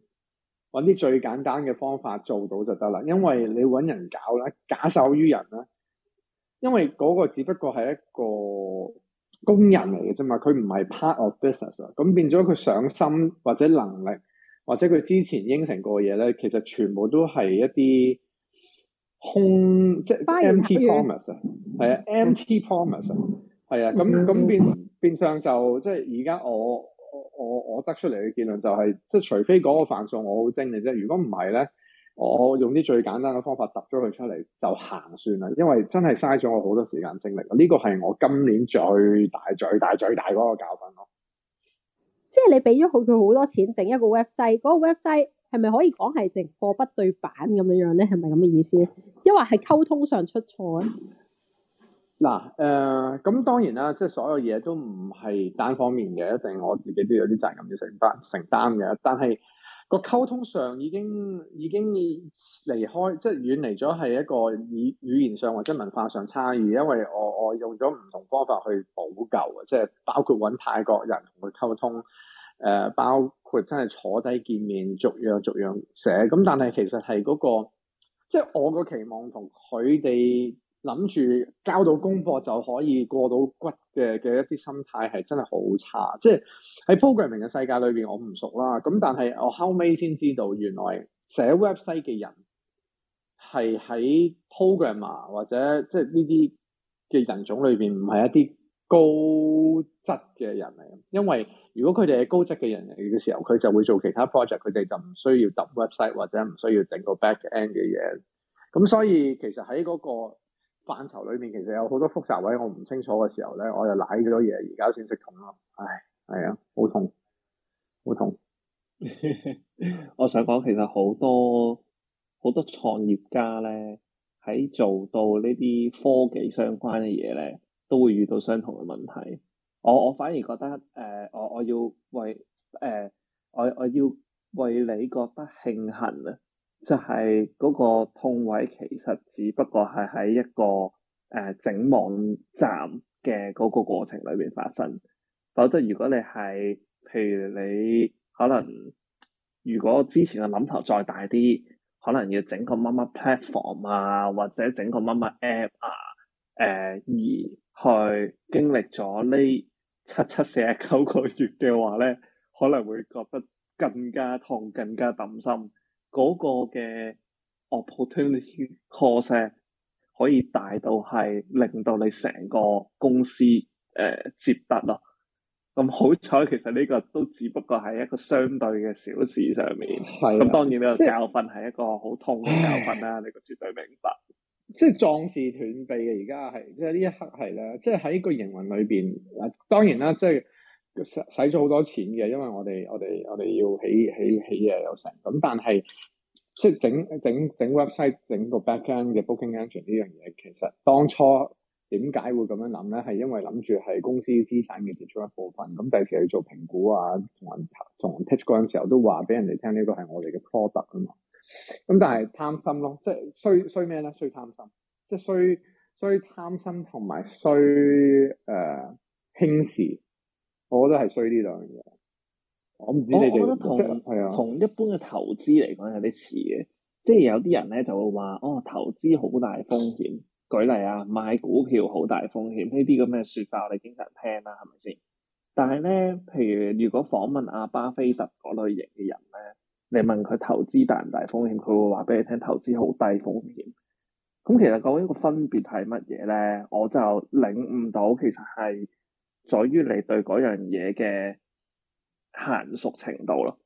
揾啲最簡單嘅方法做到就得啦。因為你揾人搞咧，假手於人咧，因為嗰個只不過係一個工人嚟嘅啫嘛，佢唔係 part of business 啦。咁變咗佢上心或者能力或者佢之前應承過嘢咧，其實全部都係一啲。空即係 MT promise 啊，係啊 MT promise 啊，係啊咁咁變變相就即係而家我我我得出嚟嘅結論就係、是、即係除非嗰個範疇我好精嘅啫，如果唔係咧，我用啲最簡單嘅方法揼咗佢出嚟就行算啦，因為真係嘥咗我好多時間精力，呢個係我今年最大最大最大嗰個教訓咯。即係你俾咗佢佢好多錢整一個 website，嗰、那個 website。係咪可以講係直播不對版咁樣樣咧？係咪咁嘅意思咧？抑或係溝通上出錯咧？嗱、啊，誒、呃，咁當然啦，即係所有嘢都唔係單方面嘅，一定我自己都有啲責任要承擔承擔嘅。但係個溝通上已經已經離開，即係遠離咗係一個語語言上或者文化上差異，因為我我用咗唔同方法去補救啊，即係包括搵泰國人同佢溝通。誒包括真係坐低見面，逐樣逐樣寫。咁但係其實係嗰個，即係我個期望同佢哋諗住交到功課就可以過到骨嘅嘅一啲心態係真係好差。即係喺 programming 嘅世界裏邊，我唔熟啦。咁但係我後尾先知道，原來寫 website 嘅人係喺 programmer 或者即係呢啲嘅人種裏邊，唔係一啲高質嘅人嚟，因為如果佢哋係高質嘅人嚟嘅時候，佢就會做其他 project，佢哋就唔需要揼 website 或者唔需要整個 back end 嘅嘢。咁所以其實喺嗰個範疇裏面，其實有好多複雜位，我唔清楚嘅時候咧，我就舐咗嘢，而家先識痛咯。唉，係啊，好痛，好痛。 我想講其實好多好多創業家咧，喺做到呢啲科技相關嘅嘢咧，都會遇到相同嘅問題。我我反而覺得誒、呃，我我要為誒、呃，我我要為你覺得慶幸啊，就係、是、嗰個痛位其實只不過係喺一個誒、呃、整網站嘅嗰個過程裏邊發生。否則，如果你係譬如你可能，如果之前嘅諗頭再大啲，可能要整個乜乜 platform 啊，或者整個乜乜 app 啊，誒、呃、而。去經歷咗呢七七四十九個月嘅話咧，可能會覺得更加痛、更加擔心嗰、那個嘅 opportunity cost 可以大到係令到你成個公司誒、呃、接得咯。咁好彩，其實呢個都只不過係一個相對嘅小事上面。係的。咁當然呢個教訓係一個好痛嘅教訓啦，的你個絕對明白。即係壯士斷臂嘅，而家係即係呢一刻係咧，即係喺個營運裏邊，當然啦，即係使使咗好多錢嘅，因為我哋我哋我哋要起起起嘢又成，咁但係即係整整整 website 整個 backend 嘅 booking engine 呢樣嘢，其實當初點解會咁樣諗咧？係因為諗住係公司資產嘅其中一部分，咁第二次去做評估啊，同人同人 pitch 嗰時候都話俾人哋聽呢個係我哋嘅 product 啊嘛。咁、嗯、但係貪心咯，即係衰衰咩咧？衰貪心，即係衰衰貪心同埋衰誒輕、呃、視我我、哦，我覺得係衰呢兩樣嘢。我唔知你哋即係係啊。同一般嘅投資嚟講有啲似嘅，嗯、即係有啲人咧就會話哦，投資好大風險。舉例啊，買股票好大風險呢啲咁嘅說法，我哋經常聽啦，係咪先？但係咧，譬如如果訪問阿巴菲特嗰類型嘅人咧。你問佢投資大唔大風險，佢會話俾你聽投資好低風險。咁其實講緊個分別係乜嘢咧？我就領悟到其實係在於你對嗰樣嘢嘅嫻熟程度咯。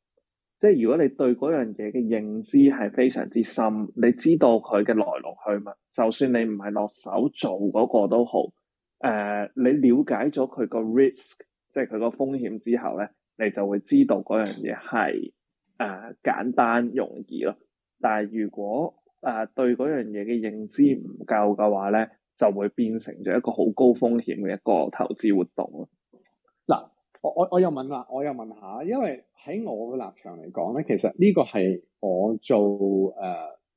即係如果你對嗰樣嘢嘅認知係非常之深，你知道佢嘅來龍去脈，就算你唔係落手做嗰個都好。誒、呃，你了解咗佢個 risk，即係佢個風險之後咧，你就會知道嗰樣嘢係。誒 簡單容易咯，但係如果誒、啊、對嗰樣嘢嘅認知唔夠嘅話咧，就會變成咗一個好高風險嘅一個投資活動咯。嗱，我我我又問啦，我又問，我又問下，因為喺我嘅立場嚟講咧，其實呢個係我做誒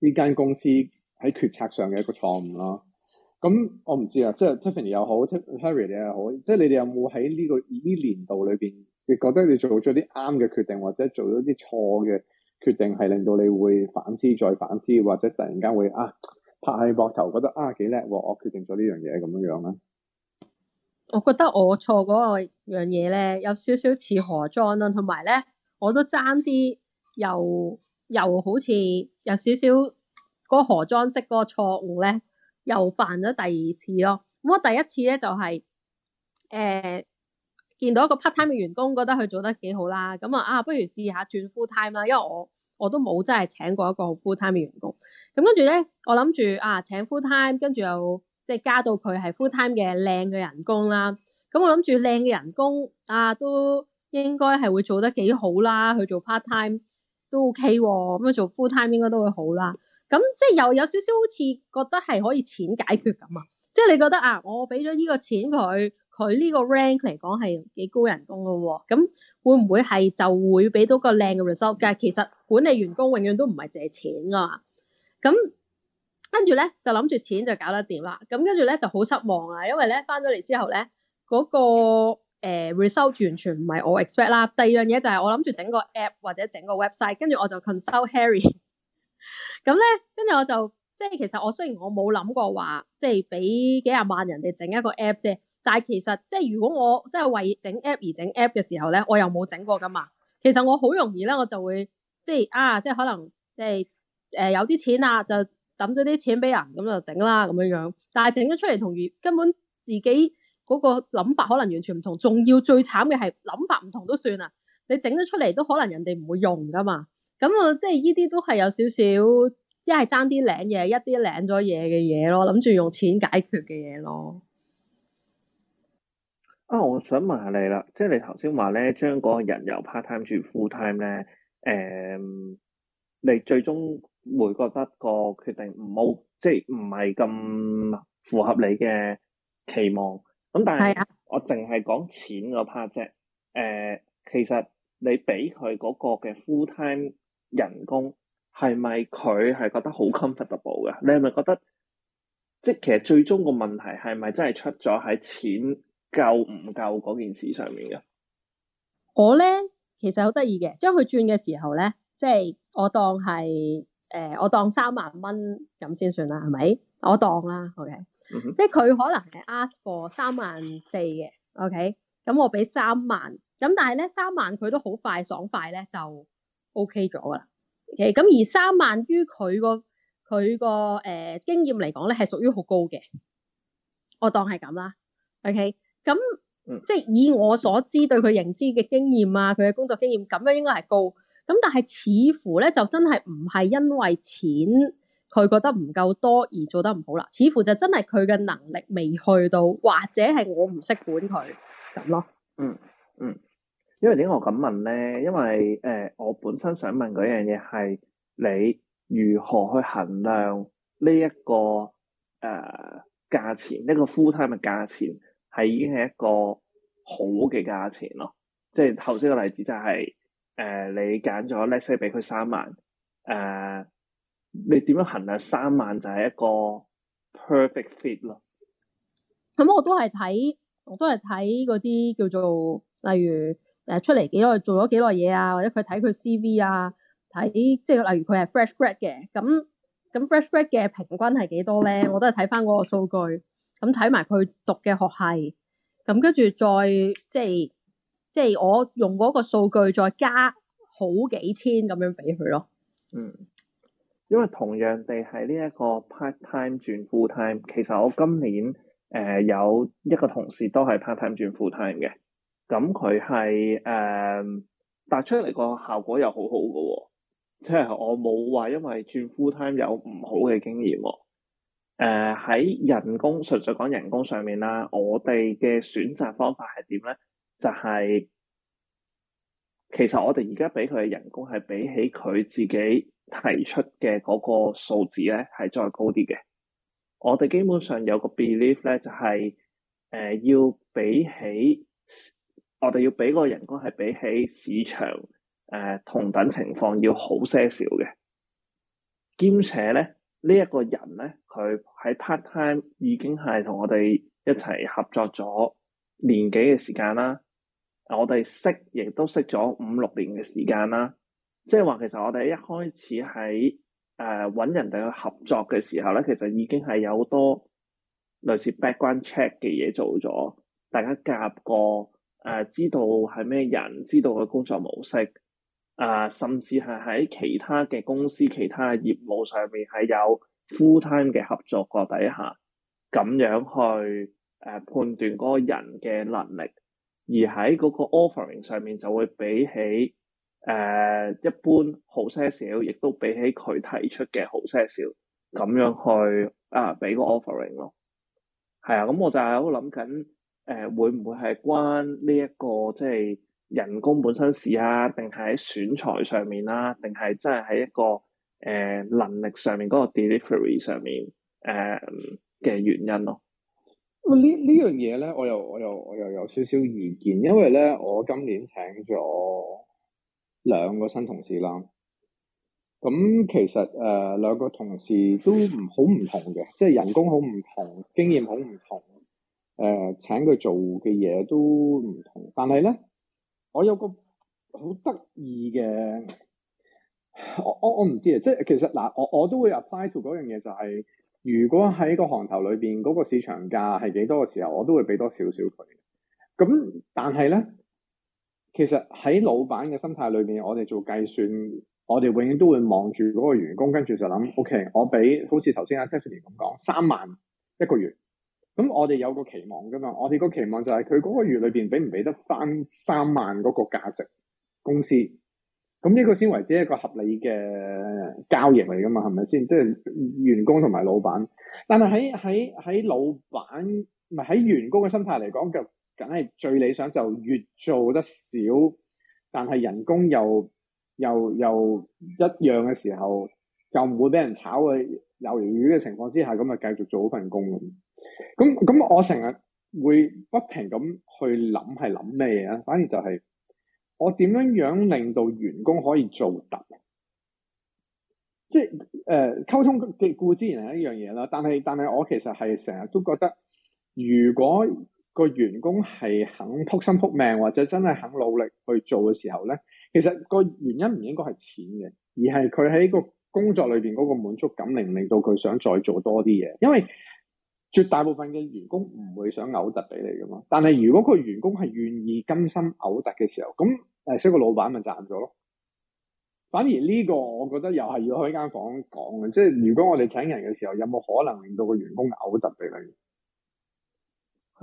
呢間公司喺決策上嘅一個錯誤咯。咁我唔知啊，即係 Tiffany 又好，Harry 又好，即係你哋有冇喺呢個呢年度裏邊，你覺得你做咗啲啱嘅決定，或者做咗啲錯嘅決定，係令到你會反思再反思，或者突然間會啊拍下膊頭，覺得啊幾叻，我決定咗呢樣嘢咁樣樣啦。我覺得我錯嗰個樣嘢咧，有少少似河裝啦，同埋咧，我都爭啲又又好似有少少嗰河裝式嗰個錯誤咧，又犯咗第二次咯。咁我第一次咧就係、是、誒。欸見到一個 part time 嘅員工，覺得佢做得幾好啦，咁啊啊，不如試下轉 full time 啦，因為我我都冇真係請過一個 full time 嘅員工。咁跟住咧，我諗住啊請 full time，跟住又即係加到佢係 full time 嘅靚嘅人工啦。咁我諗住靚嘅人工啊，都應該係會做得幾好啦。去做 part time 都 OK 喎、啊，咁啊做 full time 應該都會好啦。咁即係又有少少好似覺得係可以錢解決咁啊，即係你覺得啊，我俾咗呢個錢佢。佢呢個 rank 嚟講係幾高人工咯喎，咁會唔會係就會俾到個靚嘅 result？但係其實管理員工永遠都唔係借錢噶嘛，咁跟住咧就諗住錢就搞得掂啦，咁跟住咧就好失望啊，因為咧翻咗嚟之後咧嗰個誒 result 完全唔係我 expect 啦。第二樣嘢就係我諗住整個 app 或者整個 website，跟住我就 consult Harry。咁咧跟住我就即係其實我雖然我冇諗過話即係俾幾廿萬人哋整一個 app 啫。但係其實即係如果我即係為整 app 而整 app 嘅時候咧，我又冇整過噶嘛。其實我好容易咧，我就會即係啊，即係可能即係誒、呃、有啲錢啊，就抌咗啲錢俾人，咁就整啦咁樣樣。但係整咗出嚟同原根本自己嗰個諗法可能完全唔同。仲要最慘嘅係諗法唔同都算啦，你整咗出嚟都可能人哋唔會用噶嘛。咁我即係依啲都係有少少一係爭啲領嘢，一啲領咗嘢嘅嘢咯，諗住用錢解決嘅嘢咯。啊、哦，我想問下你啦，即係你頭先話咧，將嗰個人由 part time 轉 full time 咧，誒、嗯，你最終會覺得個決定唔好，即係唔係咁符合你嘅期望？咁但係我淨係講錢個 part 啫，誒、嗯，其實你俾佢嗰個嘅 full time 人工係咪佢係覺得好 comfortable 嘅？你係咪覺得即係其實最終個問題係咪真係出咗喺錢夠唔夠嗰件事上面嘅？我咧其實好得意嘅，將佢轉嘅時候咧，即係我當係誒，我當三萬蚊咁先算啦，係咪？我當啦，OK。即係佢可能係 ask 過三萬四嘅，OK。咁我俾三萬，咁但係咧三萬佢都好快爽快咧就 OK 咗噶啦。OK。咁而三萬於佢個佢個誒經驗嚟講咧係屬於好高嘅，我當係咁啦。OK、嗯哼。咁，即係以我所知對佢認知嘅經驗啊，佢嘅工作經驗咁樣應該係高。咁但係似乎咧就真係唔係因為錢，佢覺得唔夠多而做得唔好啦。似乎就真係佢嘅能力未去到，或者係我唔識管佢咁咯。嗯嗯，因為點解我咁問咧？因為誒、呃，我本身想問嗰樣嘢係你如何去衡量呢、這、一個誒、呃、價錢，一、這個 full time 嘅價錢。係已經係一個好嘅價錢咯，即係頭先個例子就係、是、誒、呃、你揀咗 less 俾佢三萬，誒、呃、你點樣衡量三萬就係一個 perfect fit 咯。咁我都係睇，我都係睇嗰啲叫做例如誒、呃、出嚟幾耐，做咗幾耐嘢啊，或者佢睇佢 CV 啊，睇即係例如佢係 fresh grad 嘅，咁咁 fresh grad 嘅平均係幾多咧？我都係睇翻嗰個數據。咁睇埋佢讀嘅學系，咁跟住再即係即係我用嗰個數據再加好幾千咁樣俾佢咯。嗯，因為同樣地係呢一個 part time 轉 full time，其實我今年誒、呃、有一個同事都係 part time 轉 full time 嘅，咁佢係誒達出嚟個效果又好好嘅喎，即係我冇話因為轉 full time 有唔好嘅經驗、哦。誒，喺、uh，人工純粹講人工上面啦，我哋嘅選擇方法係點咧？就係、是、其實我哋而家俾佢嘅人工係比起佢自己提出嘅嗰個數字咧，係再高啲嘅。我哋基本上有個 belief 咧，就係、是、誒、呃、要比起我哋要俾個人工係比起市場誒、呃、同等情況要好些少嘅，兼且咧。呢一個人咧，佢喺 part time 已經係同我哋一齊合作咗年幾嘅時間啦。我哋識亦都識咗五六年嘅時間啦。即係話，其實我哋一開始喺誒搵人哋去合作嘅時候咧，其實已經係有好多類似 background check 嘅嘢做咗，大家夾過誒、呃、知道係咩人，知道佢嘅工作模式。啊，甚至係喺其他嘅公司、其他嘅業務上面係有 full time 嘅合作個底下，咁樣去誒、呃、判斷嗰個人嘅能力，而喺嗰個 offering 上面就會比起誒、呃、一般好些少，亦都比起佢提出嘅好些少，咁樣去啊俾個 offering 咯。係啊，咁我就係喺度諗緊，誒、呃、會唔會係關呢、這、一個即係？人工本身事啊，定係喺選材上面啦，定係真係喺一個誒、呃、能力上面嗰、那個 delivery 上面誒嘅原因咯。哦、呢呢樣嘢咧，我又我又我又有少少意見，因為咧我今年請咗兩個新同事啦。咁、嗯、其實誒、呃、兩個同事都唔好唔同嘅，即係人工好唔同，經驗好唔同，誒、呃、請佢做嘅嘢都唔同，但係咧。我有個好得意嘅，我我我唔知啊。即係其實嗱，我我都會 apply to 嗰樣嘢，就係如果喺個行頭裏邊嗰個市場價係幾多嘅時候，我都會俾多少少佢。咁但係咧，其實喺老闆嘅心態裏邊，我哋做計算，我哋永遠都會望住嗰個員工，跟住就諗：OK，我俾好似頭先阿 Tessie 咁講，三萬一個月。咁我哋有個期望噶嘛，我哋個期望就係佢嗰個月裏邊俾唔俾得翻三萬嗰個價值公司，咁呢個先為之一個合理嘅交易嚟噶嘛，係咪先？即係員工同埋老闆，但係喺喺喺老闆唔係喺員工嘅心態嚟講，就梗係最理想就越做得少，但係人工又又又又一樣嘅時候，就唔會俾人炒嘅。游魚嘅情況之下，咁咪繼續做嗰份工咯。咁咁，我成日會不停咁去諗，係諗咩嘢啊？反而就係、是、我點樣樣令到員工可以做得？即係誒，溝、呃、通嘅固之然係一樣嘢啦。但係但係，我其實係成日都覺得，如果個員工係肯仆心仆命，或者真係肯努力去做嘅時候咧，其實個原因唔應該係錢嘅，而係佢喺個。工作裏邊嗰個滿足感，令令到佢想再做多啲嘢。因為絕大部分嘅員工唔會想 OT 俾你㗎嘛。但係如果個員工係願意甘心 OT 嘅時候，咁誒，所以個老闆咪賺咗咯。反而呢個我覺得又係要開間房講嘅，即係如果我哋請人嘅時候，有冇可能令到個員工 OT 俾你？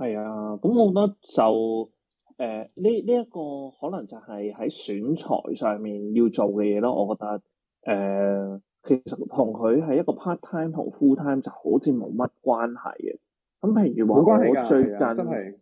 係啊，咁我覺得就誒呢呢一個可能就係喺選材上面要做嘅嘢咯，我覺得。誒、呃，其實同佢係一個 part time 同 full time 就好似冇乜關係嘅。咁譬如話，我最近真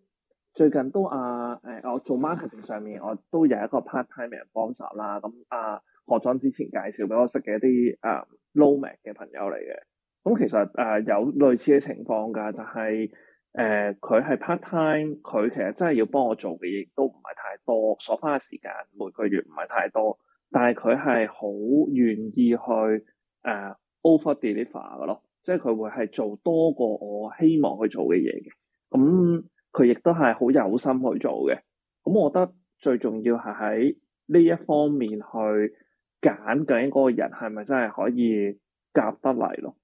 最近都啊誒、呃，我做 marketing 上面我都有一個 part time 嘅人幫手啦。咁啊，何、呃、總之前介紹俾我識嘅一啲啊、呃、low man 嘅朋友嚟嘅。咁其實誒、呃、有類似嘅情況㗎，就係誒佢係 part time，佢其實真係要幫我做嘅嘢都唔係太多，所花嘅時間每個月唔係太多。但係佢係好願意去誒、uh, overdeliver 嘅咯，即係佢會係做多過我希望去做嘅嘢嘅。咁佢亦都係好有心去做嘅。咁、嗯、我覺得最重要係喺呢一方面去揀究竟嗰個人係咪真係可以夾得嚟咯？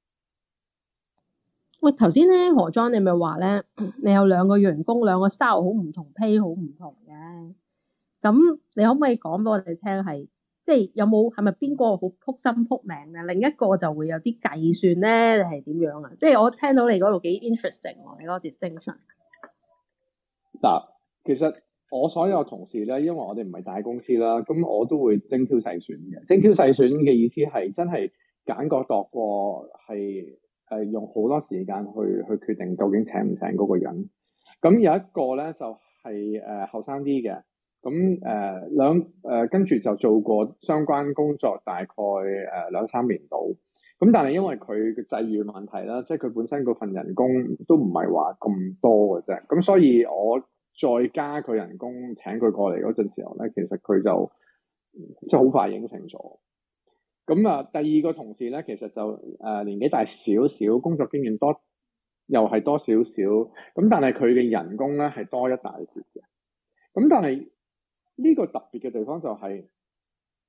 喂，頭先咧何莊你咪話咧，你有兩個員工，兩個 style 好唔同，pay 好唔同嘅。咁你可唔可以講俾我哋聽係？即係有冇係咪邊個好撲心撲命咧？另一個就會有啲計算咧，定係點樣啊？即係我聽到你嗰度幾 interesting 喎，你嗰個篩選。嗱，其實我所有同事咧，因為我哋唔係大公司啦，咁我都會精挑細選嘅。精挑細選嘅意思係真係揀個度過，係係用好多時間去去決定究竟請唔請嗰個人。咁有一個咧就係誒後生啲嘅。呃咁誒、嗯、兩誒跟住就做過相關工作，大概誒、呃、兩三年到。咁、嗯、但係因為佢嘅際遇問題啦，即係佢本身嗰份人工都唔係話咁多嘅啫。咁、嗯、所以我再加佢人工請佢過嚟嗰陣時候咧，其實佢就即係好快應承咗。咁、嗯、啊，第二個同事咧，其實就誒、呃、年紀大少少，工作經驗多又係多少少。咁、嗯、但係佢嘅人工咧係多一大截嘅。咁、嗯、但係呢個特別嘅地方就係、是、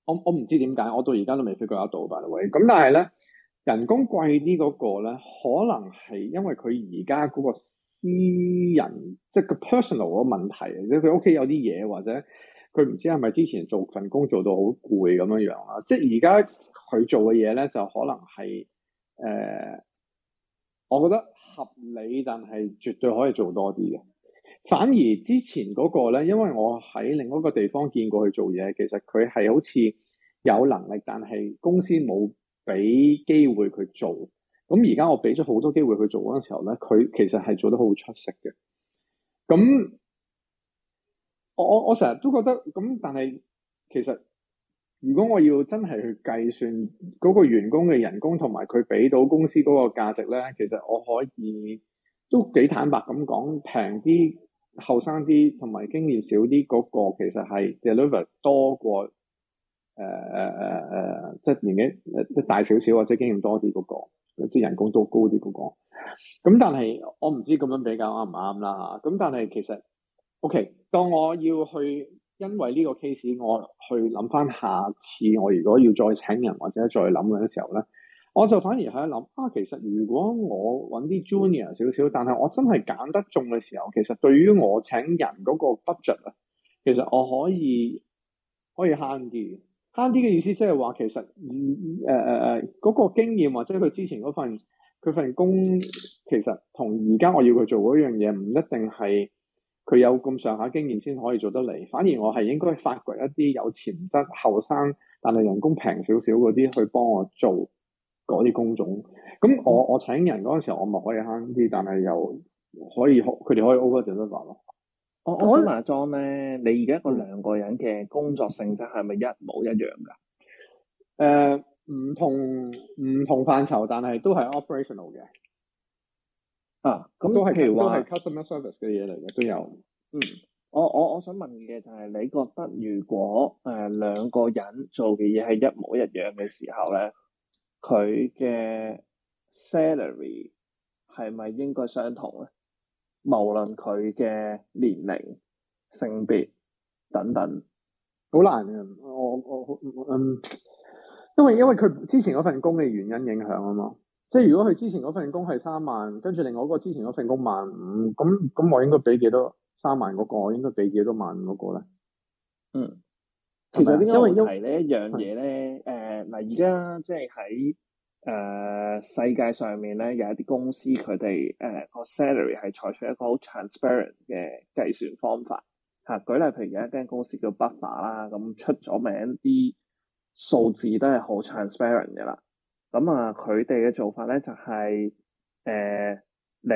我我唔知點解，我到而家都未 feel 到 by the way，咁但係咧人工貴啲嗰個咧，可能係因為佢而家嗰個私人即係個 personal 個問題，或者佢屋企有啲嘢，或者佢唔知係咪之前做份工做到好攰咁樣樣啊？即係而家佢做嘅嘢咧，就可能係誒、呃，我覺得合理，但係絕對可以做多啲嘅。反而之前嗰個咧，因為我喺另一個地方見過佢做嘢，其實佢係好似有能力，但係公司冇俾機會佢做。咁而家我俾咗好多機會佢做嗰陣時候咧，佢其實係做得好出色嘅。咁我我我成日都覺得咁，但係其實如果我要真係去計算嗰個員工嘅人工同埋佢俾到公司嗰個價值咧，其實我可以都幾坦白咁講平啲。後生啲同埋經驗少啲嗰個，其實係 deliver 多過誒誒誒誒，即係年紀即係大少少或者經驗多啲嗰個，即係人工都高啲嗰個。咁但係我唔知咁樣比較啱唔啱啦。咁但係其實 OK，當我要去因為呢個 case，我去諗翻下次我如果要再請人或者再諗嘅時候咧。我就反而喺度諗啊，其實如果我揾啲 junior 少少，但係我真係揀得中嘅時候，其實對於我請人嗰個 budget 啊，其實我可以可以慳啲。慳啲嘅意思即係話，其實誒誒誒嗰個經驗或者佢之前嗰份佢份工，其實同而家我要佢做嗰樣嘢唔一定係佢有咁上下經驗先可以做得嚟。反而我係應該發掘一啲有潛質後生，但係人工平少少嗰啲去幫我做。嗰啲工種咁，我我請人嗰陣時候，我咪可以慳啲，但係又可以佢哋可以 overhead 翻咯。我我想問下莊咧，你而家個兩個人嘅工作性質係咪一模一樣㗎？誒，唔同唔同範疇，但係都係 operational 嘅啊。咁都係譬如話都係 customer service 嘅嘢嚟嘅都有。嗯，我我我想問嘅就係你覺得，如果誒兩個人做嘅嘢係一模一樣嘅時候咧？佢嘅 salary 係咪應該相同咧？無論佢嘅年齡、性別等等，好難我我好嗯，因為因為佢之前嗰份工嘅原因影響啊嘛。即係如果佢之前嗰份工係三萬，跟住另外嗰個之前嗰份工萬五，咁咁我應該俾幾多？三萬嗰個個我應該俾幾多萬五嗰個咧？嗯，其實呢個因為因為題呢一樣嘢咧，誒。嗱，而家即係喺誒世界上面咧，有一啲公司佢哋誒個 salary 係採取一個好 transparent 嘅計算方法吓、啊。舉例，譬如有一間公司叫 Buffer 啦、啊，咁出咗名啲數字都係好 transparent 嘅啦。咁啊，佢哋嘅做法咧就係、是、誒、呃、你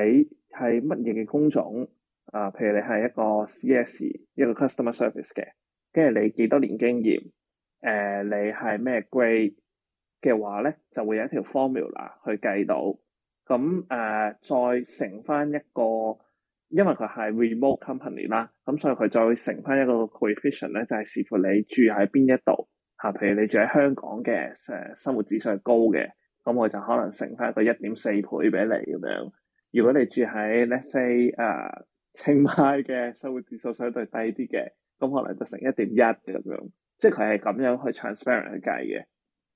係乜嘢嘅工種啊？譬如你係一個 CS 一個 customer service 嘅，跟住你幾多年經驗？誒、呃、你係咩 grade 嘅話咧，就會有一條 formula 去計到。咁、嗯、誒、呃、再乘翻一個，因為佢係 remote company 啦，咁、嗯、所以佢再乘翻一個 coefficient 咧，就係、是、視乎你住喺邊一度嚇。譬如你住喺香港嘅誒、呃、生活指數係高嘅，咁、嗯、我就可能乘翻一個一點四倍俾你咁樣。如果你住喺 let's say 誒、呃、清邁嘅生活指數相對低啲嘅，咁、嗯、可能就乘一點一咁樣。即係佢係咁樣去 transparent 去計嘅，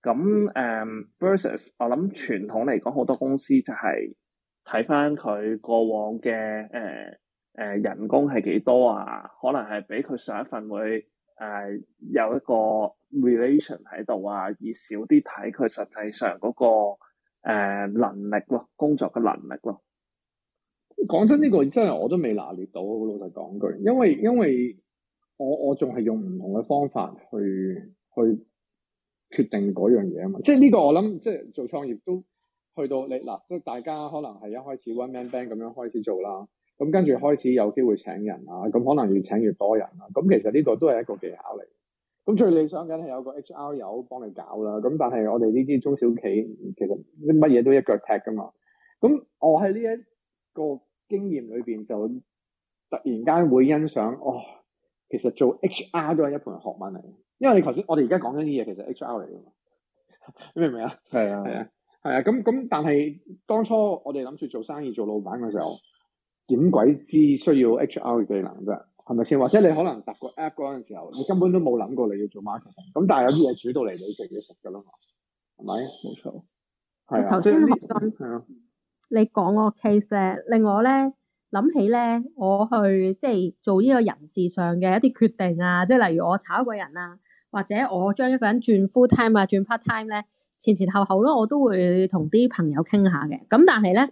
咁誒、um, versus 我諗傳統嚟講好多公司就係睇翻佢過往嘅誒誒人工係幾多啊？可能係比佢上一份會誒、uh, 有一個 relation 喺度啊，以少啲睇佢實際上嗰個能力咯，工作嘅能力咯。講真呢、呢個真係我都未拿捏到，老實講句，因為因為。我我仲係用唔同嘅方法去去決定嗰樣嘢啊嘛，即係呢個我諗即係做創業都去到你嗱，即係大家可能係一開始 one man band 咁樣開始做啦，咁跟住開始有機會請人啊，咁可能越請越多人啦、啊，咁其實呢個都係一個技巧嚟，咁最理想緊係有個 HR 友幫你搞啦，咁但係我哋呢啲中小企其實乜嘢都一腳踢噶嘛，咁我喺呢一個經驗裏邊就突然間會欣賞哦。其實做 H R 都係一盤學問嚟嘅，因為你頭先我哋而家講緊啲嘢，其實 H R 嚟嘅嘛，你明唔明 啊？係啊，係啊，係啊。咁咁，但係當初我哋諗住做生意做老闆嘅時候，點鬼知需要 H R 嘅技能啫？係咪先？或者你可能搭個 app 嗰陣時候，你根本都冇諗過你要做 marketing。咁但係有啲嘢煮到嚟，你就要食噶啦嘛，係咪？冇錯，係頭先係啊，你講我其實另外咧。諗起咧，我去即係做呢個人事上嘅一啲決定啊，即係例如我炒一個人啊，或者我將一個人轉 full time 啊，轉 part time 咧，前前後後咯，我都會同啲朋友傾下嘅。咁但係咧，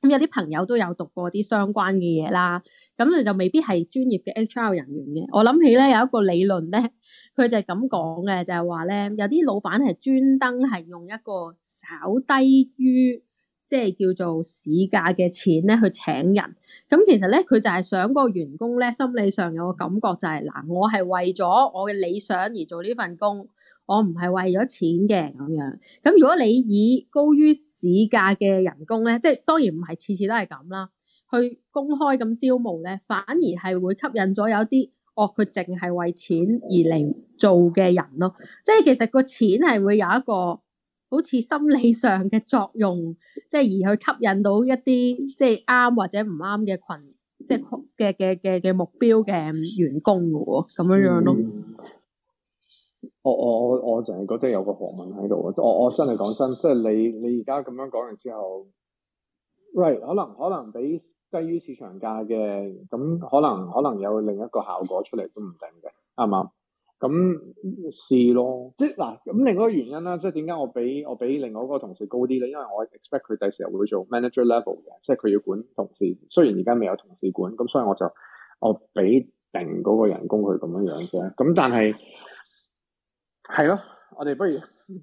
咁有啲朋友都有讀過啲相關嘅嘢啦，咁佢就未必係專業嘅 HR 人員嘅。我諗起咧，有一個理論咧，佢就係咁講嘅，就係話咧，有啲老闆係專登係用一個稍低於，即係叫做市價嘅錢咧，去請人咁，其實咧佢就係想個員工咧心理上有個感覺就係嗱，我係為咗我嘅理想而做呢份工，我唔係為咗錢嘅咁樣。咁如果你以高於市價嘅人工咧，即係當然唔係次次都係咁啦，去公開咁招募咧，反而係會吸引咗有啲哦，佢淨係為錢而嚟做嘅人咯。即係其實個錢係會有一個。好似心理上嘅作用，即係而去吸引到一啲即係啱或者唔啱嘅群，即係嘅嘅嘅嘅目標嘅員工咁樣樣咯、嗯。我我我我淨係覺得有個學問喺度即我我真係講真，即、就、係、是、你你而家咁樣講完之後 r、right，可能可能比低於市場價嘅，咁可能可能有另一個效果出嚟都唔定嘅，啱唔啱？咁係咯，即、啊、嗱，咁另外一個原因啦，即係點解我比我比另外一個同事高啲咧？因為我 expect 佢第時會做 manager level 嘅，即係佢要管同事。雖然而家未有同事管，咁所以我就我俾定嗰個人工佢咁樣樣啫。咁但係係咯，我哋不如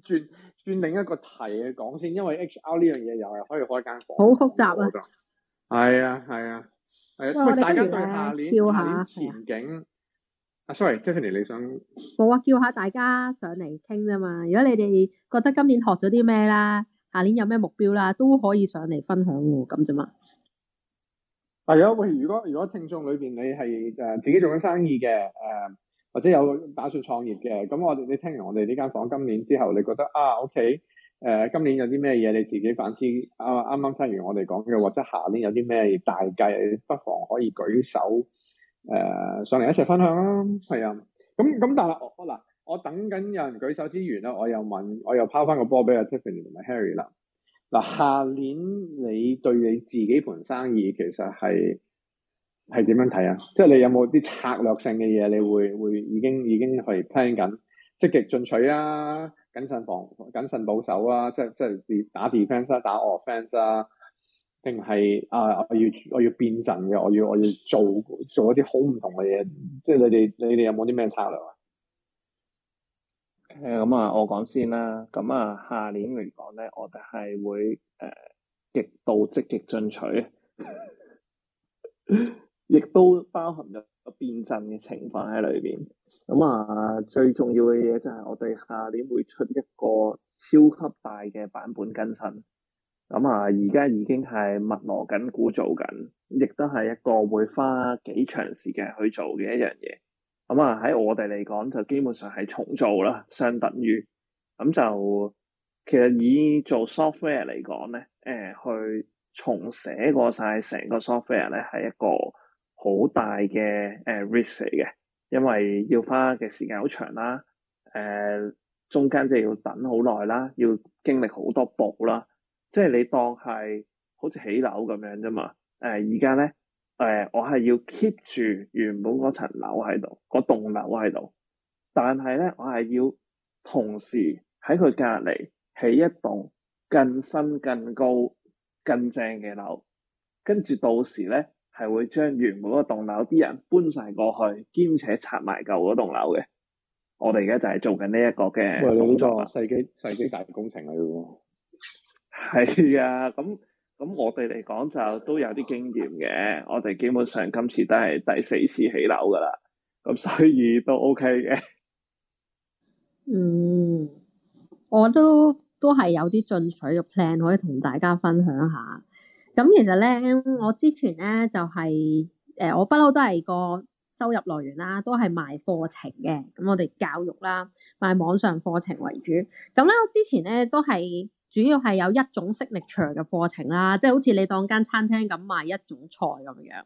轉轉另一個題嚟講先，因為 HR 呢樣嘢又係可以開間房間，好複雜啊，係啊係啊，係、啊。不過、啊都 啊、大家對下年、明年前景。啊，sorry，Tiffany，你想？冇啊，叫下大家上嚟傾啫嘛。如果你哋覺得今年學咗啲咩啦，下年有咩目標啦，都可以上嚟分享喎，咁啫嘛。係啊，喂，如果如果聽眾裏邊你係誒自己做緊生意嘅，誒，或者有打算創業嘅，咁我哋你聽完我哋呢間房今年之後，你覺得啊，OK，誒、呃，今年有啲咩嘢你自己反思啊，啱啱聽完我哋講嘅，或者下年有啲咩大計，你不妨可以舉手。誒、呃，上嚟一齊分享啦，係啊。咁咁但係我嗱，我等緊有人舉手之餘啦。我又問，我又拋翻個波俾阿 Tiffany 同埋 Harry 啦。嗱、啊，下年你對你自己盤生意其實係係點樣睇啊？即係你有冇啲策略性嘅嘢？你會會已經已經 plan 緊積極進取啊，謹慎防謹慎保守啊，即係即係打 defense 啊，打 offense 啊。定係啊！我要我要變陣嘅，我要我要做做一啲好唔同嘅嘢，即係你哋你哋有冇啲咩策略啊？誒咁啊，我講先啦。咁、嗯、啊，下年嚟講咧，我哋係會誒、嗯、極度積極進取，亦 都包含咗變陣嘅情況喺裏邊。咁、嗯、啊、嗯，最重要嘅嘢就係我哋下年會出一個超級大嘅版本更新。咁啊，而家已經係密鑼緊鼓做緊，亦都係一個會花幾長時間去做嘅一樣嘢。咁、嗯、啊，喺我哋嚟講就基本上係重做啦，相等於咁、嗯、就其實以做 software 嚟講咧，誒、呃、去重寫過晒成個 software 咧係一個好大嘅誒 risk 嘅，因為要花嘅時間好長啦，誒、呃、中間即係要等好耐啦，要經歷好多步啦。即係你當係好似起樓咁樣啫嘛，誒而家咧，誒、呃、我係要 keep 住原本嗰層樓喺度，個棟樓喺度，但係咧我係要同時喺佢隔籬起一棟更新更高更正嘅樓，跟住到時咧係會將原本嗰棟樓啲人搬晒過去，兼且拆埋舊嗰棟樓嘅。我哋而家就係做緊呢一個嘅工作，世紀世紀大工程嚟嘅喎。係啊，咁咁我哋嚟講就都有啲經驗嘅，我哋基本上今次都係第四次起樓噶啦，咁所以都 OK 嘅。嗯，我都都係有啲進取嘅 plan 可以同大家分享下。咁其實咧，我之前咧就係、是、誒、呃，我不嬲都係個收入來源啦，都係賣課程嘅。咁我哋教育啦，賣網上課程為主。咁咧，我之前咧都係。主要係有一種 signature 嘅課程啦，即係好似你當間餐廳咁賣一種菜咁樣。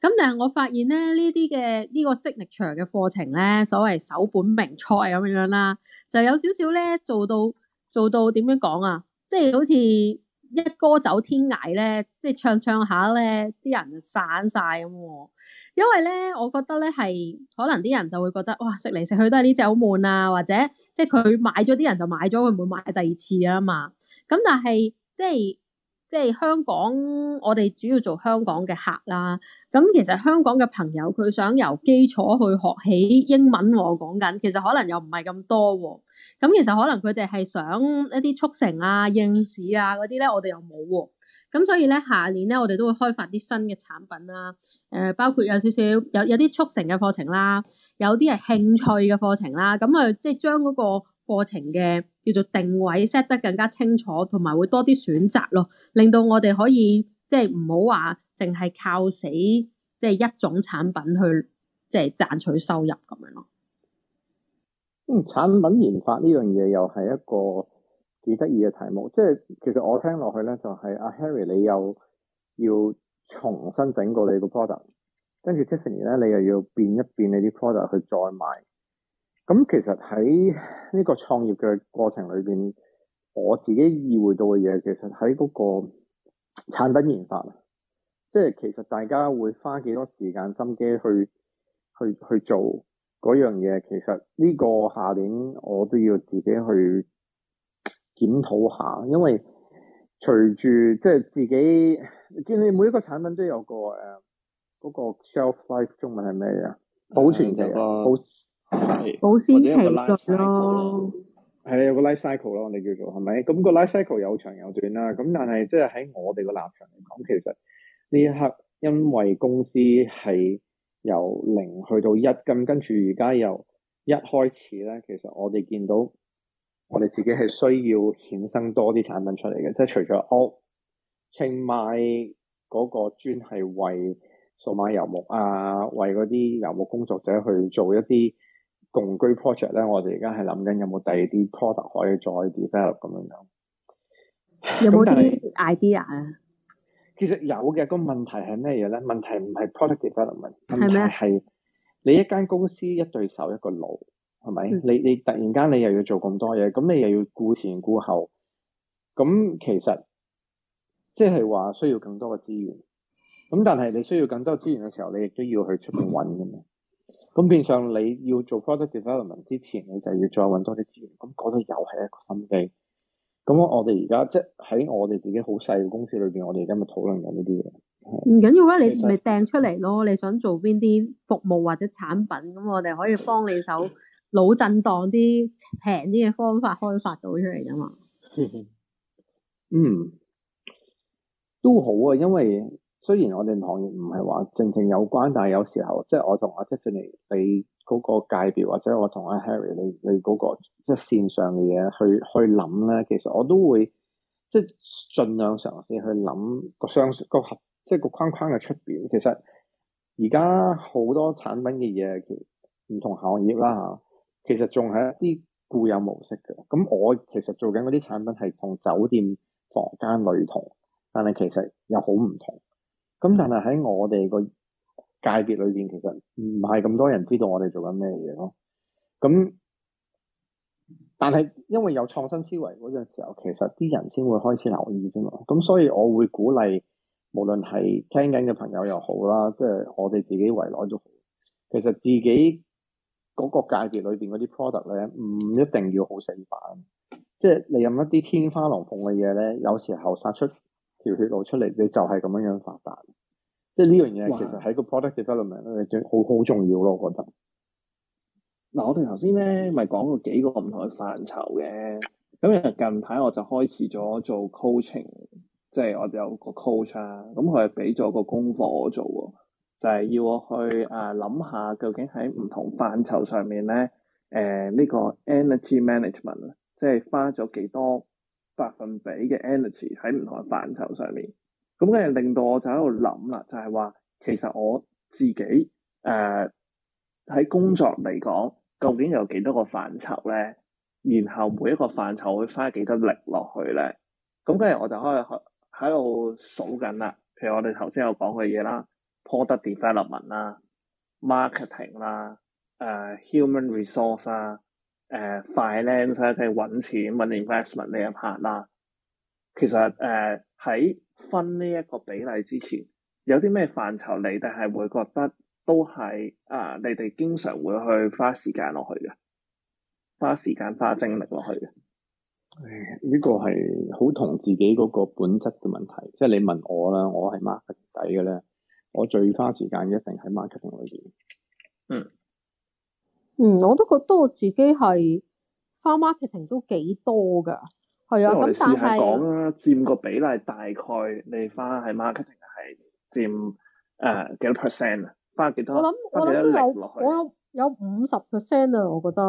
咁但係我發現咧，呢啲嘅呢個 signature 嘅課程咧，所謂首本名菜咁樣啦，就有少少咧做到做到點樣講啊？即係好似一歌走天涯咧，即係唱唱下咧，啲人散晒咁喎。因為咧，我覺得咧係可能啲人就會覺得，哇，食嚟食去都係呢隻好悶啊，或者即係佢買咗啲人就買咗，佢唔會買第二次啦嘛。咁但係即係即係香港，我哋主要做香港嘅客啦。咁、嗯、其實香港嘅朋友佢想由基礎去學起英文喎、啊，我講緊其實可能又唔係咁多喎、啊。咁、嗯、其實可能佢哋係想一啲速成啊、應試啊嗰啲咧，我哋又冇喎、啊。咁所以咧，下年咧，我哋都會開發啲新嘅產品啦。誒、呃，包括有少少有有啲速成嘅課程啦，有啲係興趣嘅課程啦。咁啊，即係將嗰個課程嘅叫做定位 set 得更加清楚，同埋會多啲選擇咯，令到我哋可以即係唔好話淨係靠死即係、就是、一種產品去即係賺取收入咁樣咯。嗯，產品研發呢樣嘢又係一個。幾得意嘅題目，即係其實我聽落去咧，就係、是、阿、啊、Harry 你又要重新整過你個 product，跟住 Tiffany 咧你又要變一變你啲 product 去再賣。咁、嗯、其實喺呢個創業嘅過程裏邊，我自己意會到嘅嘢，其實喺嗰個產品研發，即係其實大家會花幾多時間心機去去去做嗰樣嘢，其實呢個下年我都要自己去。檢討下，因為隨住即係自己見你每一個產品都有個誒嗰、嗯嗰個 shelf life，中文係咩啊？保存期咯，嗯、保保鮮期咯，係有個 life cycle 咯，我哋叫做係咪？咁、嗰個 life cycle 有長有短啦。咁但係即係喺我哋個立場嚟講，其實呢一刻因為公司係由零去到一，咁跟住而家由一開始咧，其實我哋見到。我哋自己係需要衍生多啲產品出嚟嘅，即係除咗屋、哦、清賣嗰個專係為數碼遊牧啊，為嗰啲遊牧工作者去做一啲共居 project 咧，我哋而家係諗緊有冇第二啲 product 可以再 develop 咁樣樣？有冇啲 idea 啊？Ide 其實有嘅，個問題係咩嘢咧？問題唔係 product development 問題，係你一間公司一對手一個腦。係咪？嗯、你你突然間你又要做咁多嘢，咁你又要顧前顧後，咁其實即係話需要更多嘅資源。咁但係你需要更多資源嘅時候，你亦都要去出邊揾嘅嘛。咁變相你要做 product development 之前，你就要再揾多啲資源。咁嗰度又係一個心機。咁我哋而家即係喺我哋自己好細嘅公司裏邊，我哋今日討論緊呢啲嘢。唔緊要啊，你咪掟出嚟咯。你想做邊啲服務或者產品？咁我哋可以幫你手。腦震盪啲平啲嘅方法開發到出嚟㗎嘛，嗯，都好啊，因為雖然我哋行業唔係話正正有關，但係有時候即係我同阿 j u s t n 你嗰個界別，或者我同阿 Harry 你、那個、你嗰、那個即係線上嘅嘢去去諗咧，其實我都會即係盡量嘗試去諗個商個合即係個框框嘅出邊。其實而家好多產品嘅嘢，其唔同行業啦嚇。其實仲係一啲固有模式嘅，咁我其實做緊嗰啲產品係同酒店房間類同，但係其實又好唔同。咁但係喺我哋個界別裏邊，其實唔係咁多人知道我哋做緊咩嘢咯。咁但係因為有創新思維嗰陣時候，其實啲人先會開始留意啫嘛。咁所以我會鼓勵，無論係聽緊嘅朋友又好啦，即係我哋自己圍內都好，其實自己。嗰個界別裏邊嗰啲 product 咧，唔一定要好死板，即係你飲一啲天花龍鳳嘅嘢咧，有時候殺出條血路出嚟，你就係咁樣樣發達。即係呢樣嘢其實喺個 product development 咧，最好好重要咯，我覺得。嗱嘩，我哋頭先咧咪講過幾個唔同嘅範疇嘅，咁其實近排我就開始咗做 coaching，即係我哋有個 coach 啊，咁佢係俾咗個功課我做喎。就係要我去誒諗、啊、下究竟喺唔同範疇上面咧誒呢、呃這個 energy management 即係花咗幾多百分比嘅 energy 喺唔同嘅範疇上面，咁跟住令到我就喺度諗啦，就係、是、話其實我自己誒喺、呃、工作嚟講究竟有幾多個範疇咧，然後每一個範疇會花幾多力落去咧，咁跟住我就開始喺度數緊啦，譬如我哋頭先有講嘅嘢啦。product development 啦、marketing 啦、誒 human resource 啊、uh, uh,、誒 finance 啊，即係揾錢啊、investment 呢一 part 啦。其實誒喺、uh, 分呢一個比例之前，有啲咩範疇你哋係會覺得都係啊？Uh, 你哋經常會去花時間落去嘅，花時間花精力落去嘅。誒、哎，呢、呢個係好同自己嗰個本質嘅問題，即係你問我啦，我係 marketing 嘅咧。我最花時間一定喺 marketing 裏邊。嗯嗯，我都覺得我自己係花 marketing 都幾多㗎。係啊，咁、嗯、但係講、啊、佔個比例大概你花喺 marketing 係佔誒幾、呃、多 percent 啊？花幾多？我諗我諗有我有有五十 percent 啊！我覺得。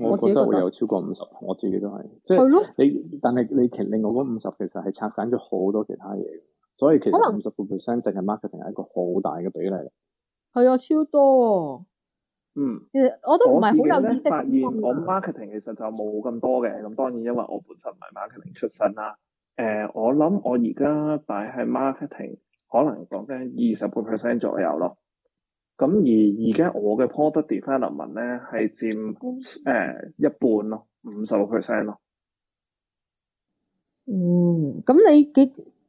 我自己覺得我覺得我有超過五十，我自己都係。係、就、咯、是的，你但係你其另外嗰五十其實係拆散咗好多其他嘢。所以其實五十個 percent 淨係 marketing 係一個好大嘅比例，係啊超多，嗯，其實我都唔係好有意識我，發現我 marketing 其實就冇咁多嘅。咁當然因為我本身唔係 marketing 出身啦。誒、呃，我諗我而家擺喺 marketing，可能講緊二十個 percent 左右咯。咁而而家我嘅 product development 咧係佔誒一半咯，五十個 percent 咯。嗯，咁你幾？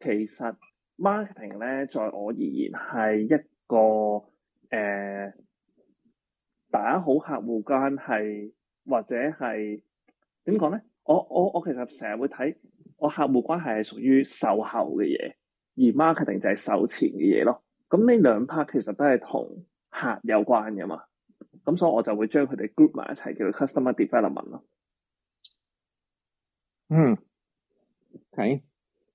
其實 marketing 咧，在我而言係一個誒、呃、打好客戶關係，或者係點講咧？我我我其實成日會睇我客戶關係係屬於售後嘅嘢，而 marketing 就係售前嘅嘢咯。咁呢兩 part 其實都係同客有關嘅嘛。咁所以我就會將佢哋 group 埋一齊叫做 customer development 咯。嗯，係。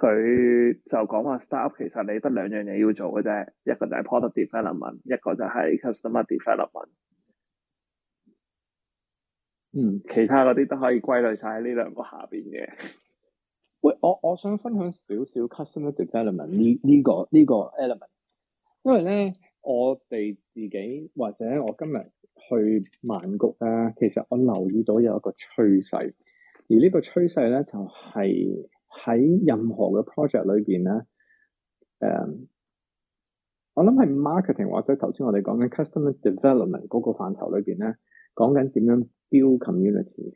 佢就講話 startup，其實你得兩樣嘢要做嘅啫，一個就係 product development，一個就係 customer development。嗯，其他嗰啲都可以歸類晒喺呢兩個下邊嘅。喂，我我想分享少少 customer development 呢呢個呢個 element，因為咧我哋自己或者我今日去曼谷咧，其實我留意到有一個趨勢，而呢個趨勢咧就係。喺任何嘅 project 裏邊咧，誒、um，我諗係 marketing 或者頭先我哋講緊 customer development 嗰個範疇裏邊咧，講緊點樣 build community，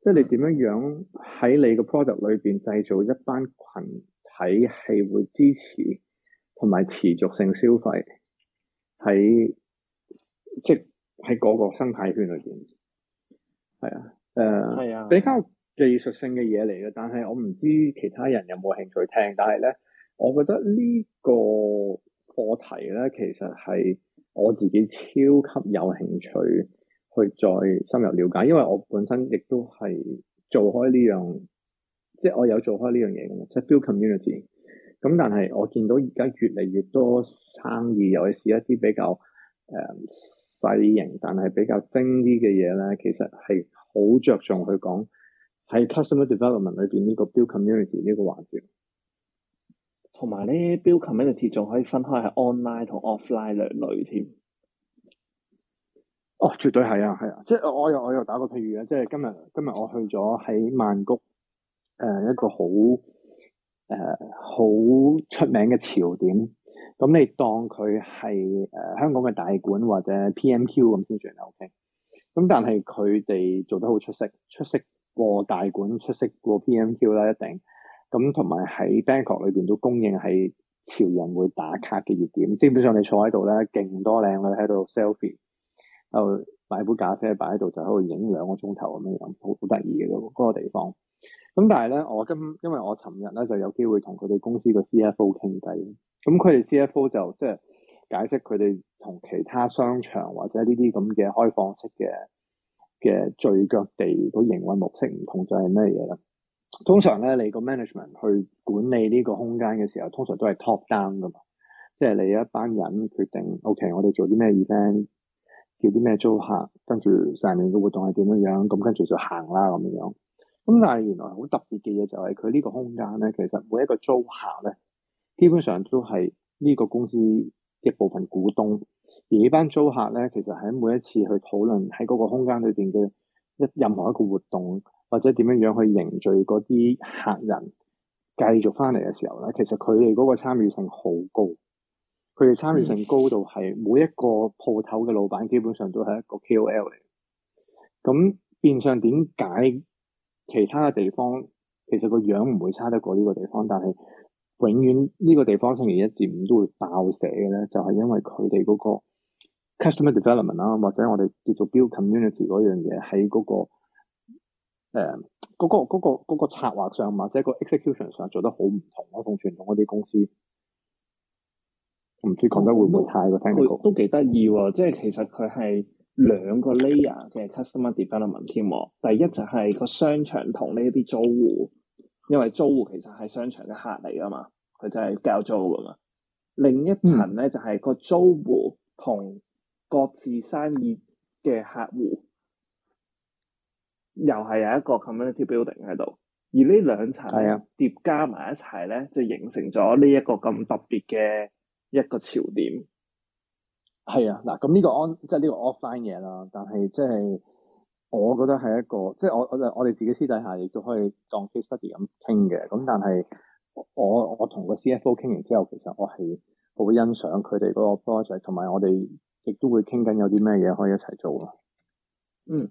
即係你點樣樣喺你個 product 裏邊製造一班群體係會支持同埋持續性消費，喺即係喺嗰個生態圈裏邊，係啊，係、uh, 啊，比較，技術性嘅嘢嚟嘅，但係我唔知其他人有冇興趣聽。但係咧，我覺得呢個課題咧，其實係我自己超級有興趣去再深入了解，因為我本身亦都係做開呢樣，即係我有做開呢樣嘢嘅，即係 build community。咁但係我見到而家越嚟越多生意，尤其是一啲比較誒、呃、細型但係比較精啲嘅嘢咧，其實係好着重去講。喺 customer development 裏邊呢個 build community 呢個環節，同埋咧 build community 仲可以分開係 online 同 offline 兩類添。哦，絕對係啊，係啊，即係我又我又打個譬如啊，即係今日今日我去咗喺曼谷，誒、呃、一個好誒好出名嘅潮點，咁你當佢係誒香港嘅大館或者 PMQ 咁先算啦。O K，咁但係佢哋做得好出色，出色。過大館出色過 P M Q 啦，一定咁，同埋喺 Bank 角裏邊都供應係潮人會打卡嘅熱點，基本上你坐喺度咧，勁多靚女喺度 selfie，喺度買杯咖啡擺喺度就喺度影兩個鐘頭咁樣，好好得意嘅嗰個地方。咁但係咧，我今因為我尋日咧就有機會同佢哋公司個 C F O 傾偈，咁佢哋 C F O 就即係解釋佢哋同其他商場或者呢啲咁嘅開放式嘅。嘅聚腳地個營運模式唔同就係咩嘢咧？通常咧，你個 management 去管理呢個空間嘅時候，通常都係 top down 噶嘛，即係你一班人決定 ，OK，我哋做啲咩 event，叫啲咩租客，跟住上面嘅活動係點樣樣，咁跟住就行啦咁樣。咁、嗯、但係原來好特別嘅嘢就係佢呢個空間咧，其實每一個租客咧，基本上都係呢個公司嘅部分股東。而呢班租客咧，其實喺每一次去討論喺嗰個空間裏邊嘅一任何一個活動，或者點樣樣去凝聚嗰啲客人繼續翻嚟嘅時候咧，其實佢哋嗰個參與性好高，佢哋參與性高度係每一個鋪頭嘅老闆基本上都係一個 KOL 嚟。咁變相點解其他嘅地方其實個樣唔會差得過呢個地方，但係永遠呢個地方星期一至五都會爆社嘅咧，就係、是、因為佢哋嗰個。Customer development 啦，或者我哋叫做 build community 嗰樣嘢，喺嗰、嗰個誒嗰、呃嗰個嗰、嗰個嗰、嗰個策劃上，或者個 execution 上做得好唔同咯，同傳統嗰啲公司，唔知講得會唔會太過 technical，都幾得意喎！即係其實佢係兩個 layer 嘅 customer development 添。第一就係個商場同呢一啲租戶，因為租戶其實係商場嘅客嚟噶嘛，佢就係交租噶嘛。另一層咧、嗯、就係個租戶同。各自生意嘅客戶，又係有一個 community building 喺度，而呢兩層疊加埋一齊咧，就形成咗呢一個咁特別嘅一個潮點。係啊，嗱，咁呢個 on 即係呢個 offline 嘢啦，但係即係我覺得係一個即係、就是、我我就我哋自己私底下亦都可以當 case study 咁傾嘅。咁但係我我同個 CFO 傾完之後，其實我係好欣賞佢哋嗰個 project，同埋我哋。亦都會傾緊有啲咩嘢可以一齊做、嗯、啊！嗯，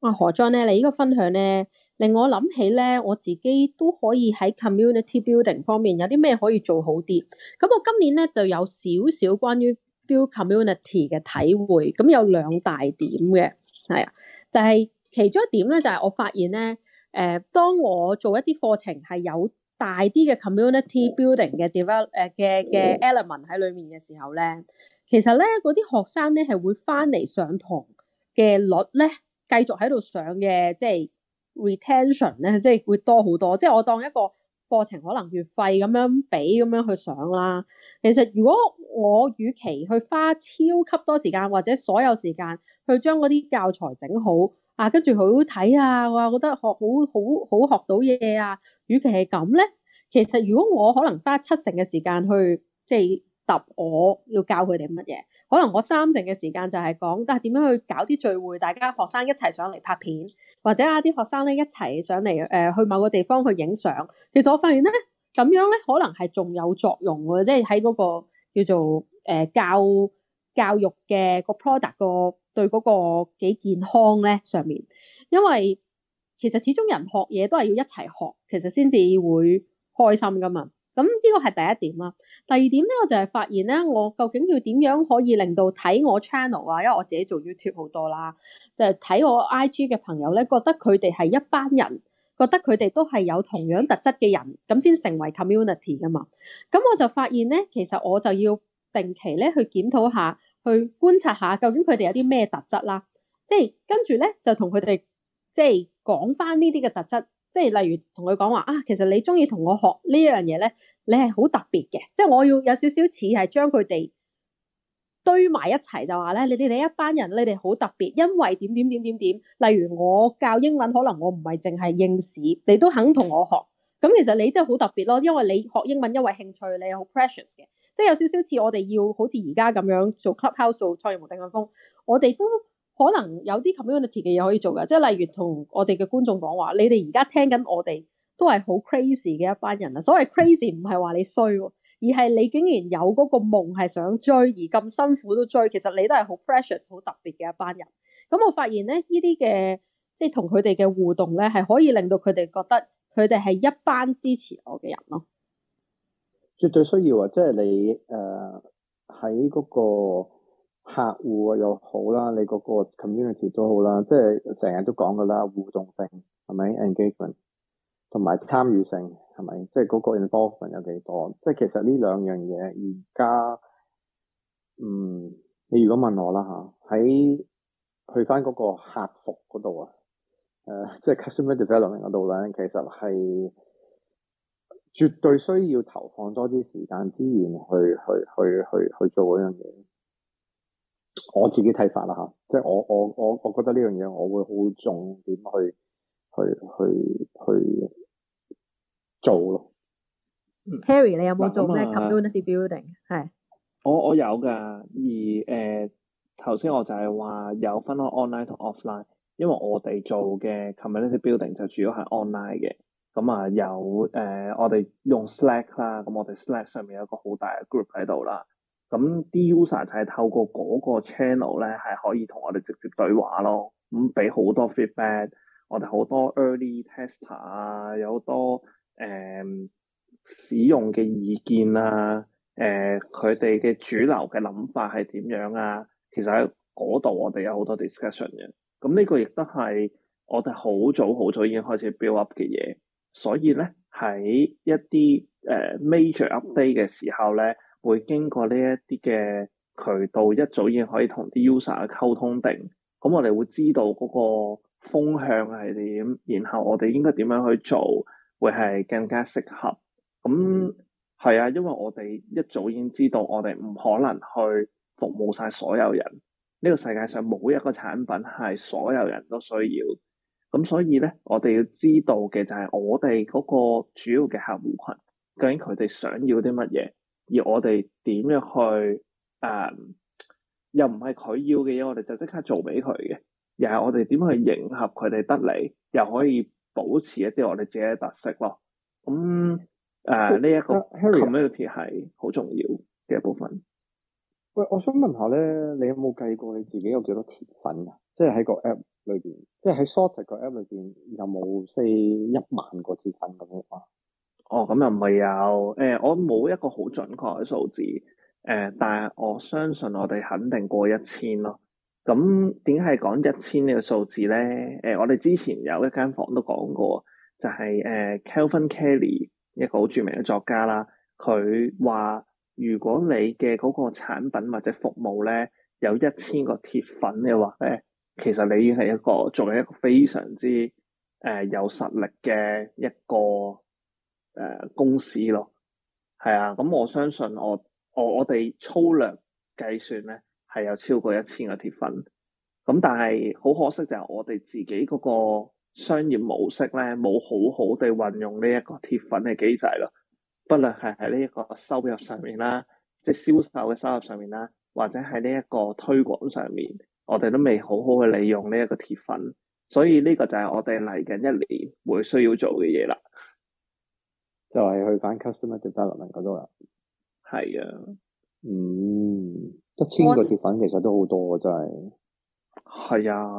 哇何莊咧，你呢個分享咧令我諗起咧，我自己都可以喺 community building 方面有啲咩可以做好啲。咁、嗯、我今年咧就有少少關於 build community 嘅體會，咁有兩大點嘅，係啊，就係、是、其中一點咧，就係、是、我發現咧，誒、呃，當我做一啲課程係有大啲嘅 community building 嘅 develop 誒、呃、嘅嘅 element 喺裏面嘅時候咧。其實咧，嗰啲學生咧係會翻嚟上堂嘅率咧，繼續喺度上嘅，即係 retention 咧，即係會多好多。即係我當一個課程可能月費咁樣俾咁樣去上啦。其實如果我與其去花超級多時間或者所有時間去將嗰啲教材整好啊，跟住好好睇啊，話、啊、覺得學好好好學到嘢啊，與其係咁咧，其實如果我可能花七成嘅時間去即係。揼我要教佢哋乜嘢？可能我三成嘅時間就係講，但係點樣去搞啲聚會，大家學生一齊上嚟拍片，或者啊啲學生咧一齊上嚟誒、呃、去某個地方去影相。其實我發現咧，咁樣咧可能係仲有作用喎，即係喺嗰個叫做誒、呃、教教育嘅個 product、個對嗰個幾健康咧上面。因為其實始終人學嘢都係要一齊學，其實先至會開心噶嘛。咁呢個係第一點啦。第二點咧，我就係發現咧，我究竟要點樣可以令到睇我 channel 啊？因為我自己做 YouTube 好多啦，就係睇我 IG 嘅朋友咧，覺得佢哋係一班人，覺得佢哋都係有同樣特質嘅人，咁先成為 community 噶嘛。咁我就發現咧，其實我就要定期咧去檢討下去觀察下，究竟佢哋有啲咩特質啦。即係跟住咧，就同佢哋即係講翻呢啲嘅特質。即係例如同佢講話啊，其實你中意同我學呢一樣嘢咧，你係好特別嘅。即係我要有少少似係將佢哋堆埋一齊，就話咧，你哋哋一班人，你哋好特別，因為點點點點點。例如我教英文，可能我唔係淨係應試，你都肯同我學。咁其實你真係好特別咯，因為你學英文因為興趣，你係好 precious 嘅。即係有少少似我哋要好似而家咁樣做 Clubhouse 做創業無定向瘋，我哋都，可能有啲 community 嘅嘢可以做嘅，即係例如同我哋嘅觀眾講話，你哋而家聽緊我哋都係好 crazy 嘅一班人啊！所謂 crazy 唔係話你衰，而係你竟然有嗰個夢係想追，而咁辛苦都追，其實你都係好 precious、好特別嘅一班人。咁我發現咧，呢啲嘅即係同佢哋嘅互動咧，係可以令到佢哋覺得佢哋係一班支持我嘅人咯。絕對需要啊！即係你誒喺嗰個。客戶啊又好啦，你嗰個 community 都好啦，即係成日都講噶啦，互動性係咪 engagement，同埋參與性係咪，即係嗰個 involvement 有幾多？即係其實呢兩樣嘢而家，嗯，你如果問我啦嚇，喺去翻嗰個客服嗰度啊，誒、呃，即係 customer development 嗰度咧，其實係絕對需要投放多啲時間資源去去去去去做嗰樣嘢。我自己睇法啦吓，即係我我我，我覺得呢樣嘢我會好重點去去去去做咯。Harry，你有冇做咩那 community building？係那是我我有㗎，而誒頭先我就係話有分開 online 同 offline，因為我哋做嘅 community building 就主要係 online 嘅。咁啊有誒、呃、我哋用 Slack 啦，咁我哋 Slack 上面有一個好大嘅 group 喺度啦。咁啲 user 就係透過嗰個 channel 咧，係可以同我哋直接對話咯。咁俾好多 feedback，我哋好多 early tester 啊，有好多誒、嗯、使用嘅意見啊，誒佢哋嘅主流嘅諗法係點樣啊？其實喺嗰度我哋有好多 discussion 嘅。咁呢個亦都係我哋好早好早已經開始 build up 嘅嘢。所以咧，喺一啲誒 major update 嘅時候咧，會經過呢一啲嘅渠道，一早已經可以同啲 user 去溝通定。咁我哋會知道嗰個風向係點，然後我哋應該點樣去做，會係更加適合。咁係啊，因為我哋一早已經知道，我哋唔可能去服務晒所有人。呢個世界上冇一個產品係所有人都需要。咁所以咧，我哋要知道嘅就係我哋嗰個主要嘅客戶群究竟佢哋想要啲乜嘢。而我哋點樣去誒、呃，又唔係佢要嘅嘢，我哋就即刻做俾佢嘅。又係我哋點樣去迎合佢哋得嚟，又可以保持一啲我哋自己嘅特色咯。咁、嗯、誒、呢、呃、一、呃、個 community 係好重要嘅一部分。喂，我想問下咧，你有冇計過你自己有幾多鐵粉啊？即係喺個 app 裏邊，即係喺 Sorted 個 app 裏邊，有冇四一萬個鐵粉咁樣啊？哦，咁又唔係有，誒、呃，我冇一個好準確嘅數字。誒、呃，但係我相信我哋肯定過一千咯。咁點解係講一千呢個數字咧？誒、呃，我哋之前有一間房都講過，就係、是、誒 Kelvin、呃、Kelly 一個好著名嘅作家啦。佢話，如果你嘅嗰個產品或者服務咧有一千個鐵粉嘅話咧，其實你係一個仲係一個非常之誒、呃、有實力嘅一個。誒、呃，公司咯，係啊，咁我相信我我我哋粗略計算咧，係有超過一千個鐵粉，咁但係好可惜就係我哋自己嗰個商業模式咧，冇好好地運用呢一個鐵粉嘅機製咯，不論係喺呢一個收入上面啦，即係銷售嘅收入上面啦，或者喺呢一個推廣上面，我哋都未好好去利用呢一個鐵粉，所以呢個就係我哋嚟緊一年會需要做嘅嘢啦。就係去反 customer development 度啦，係啊，嗯，一千個鐵粉其實都好多，真我啊，真係係啊，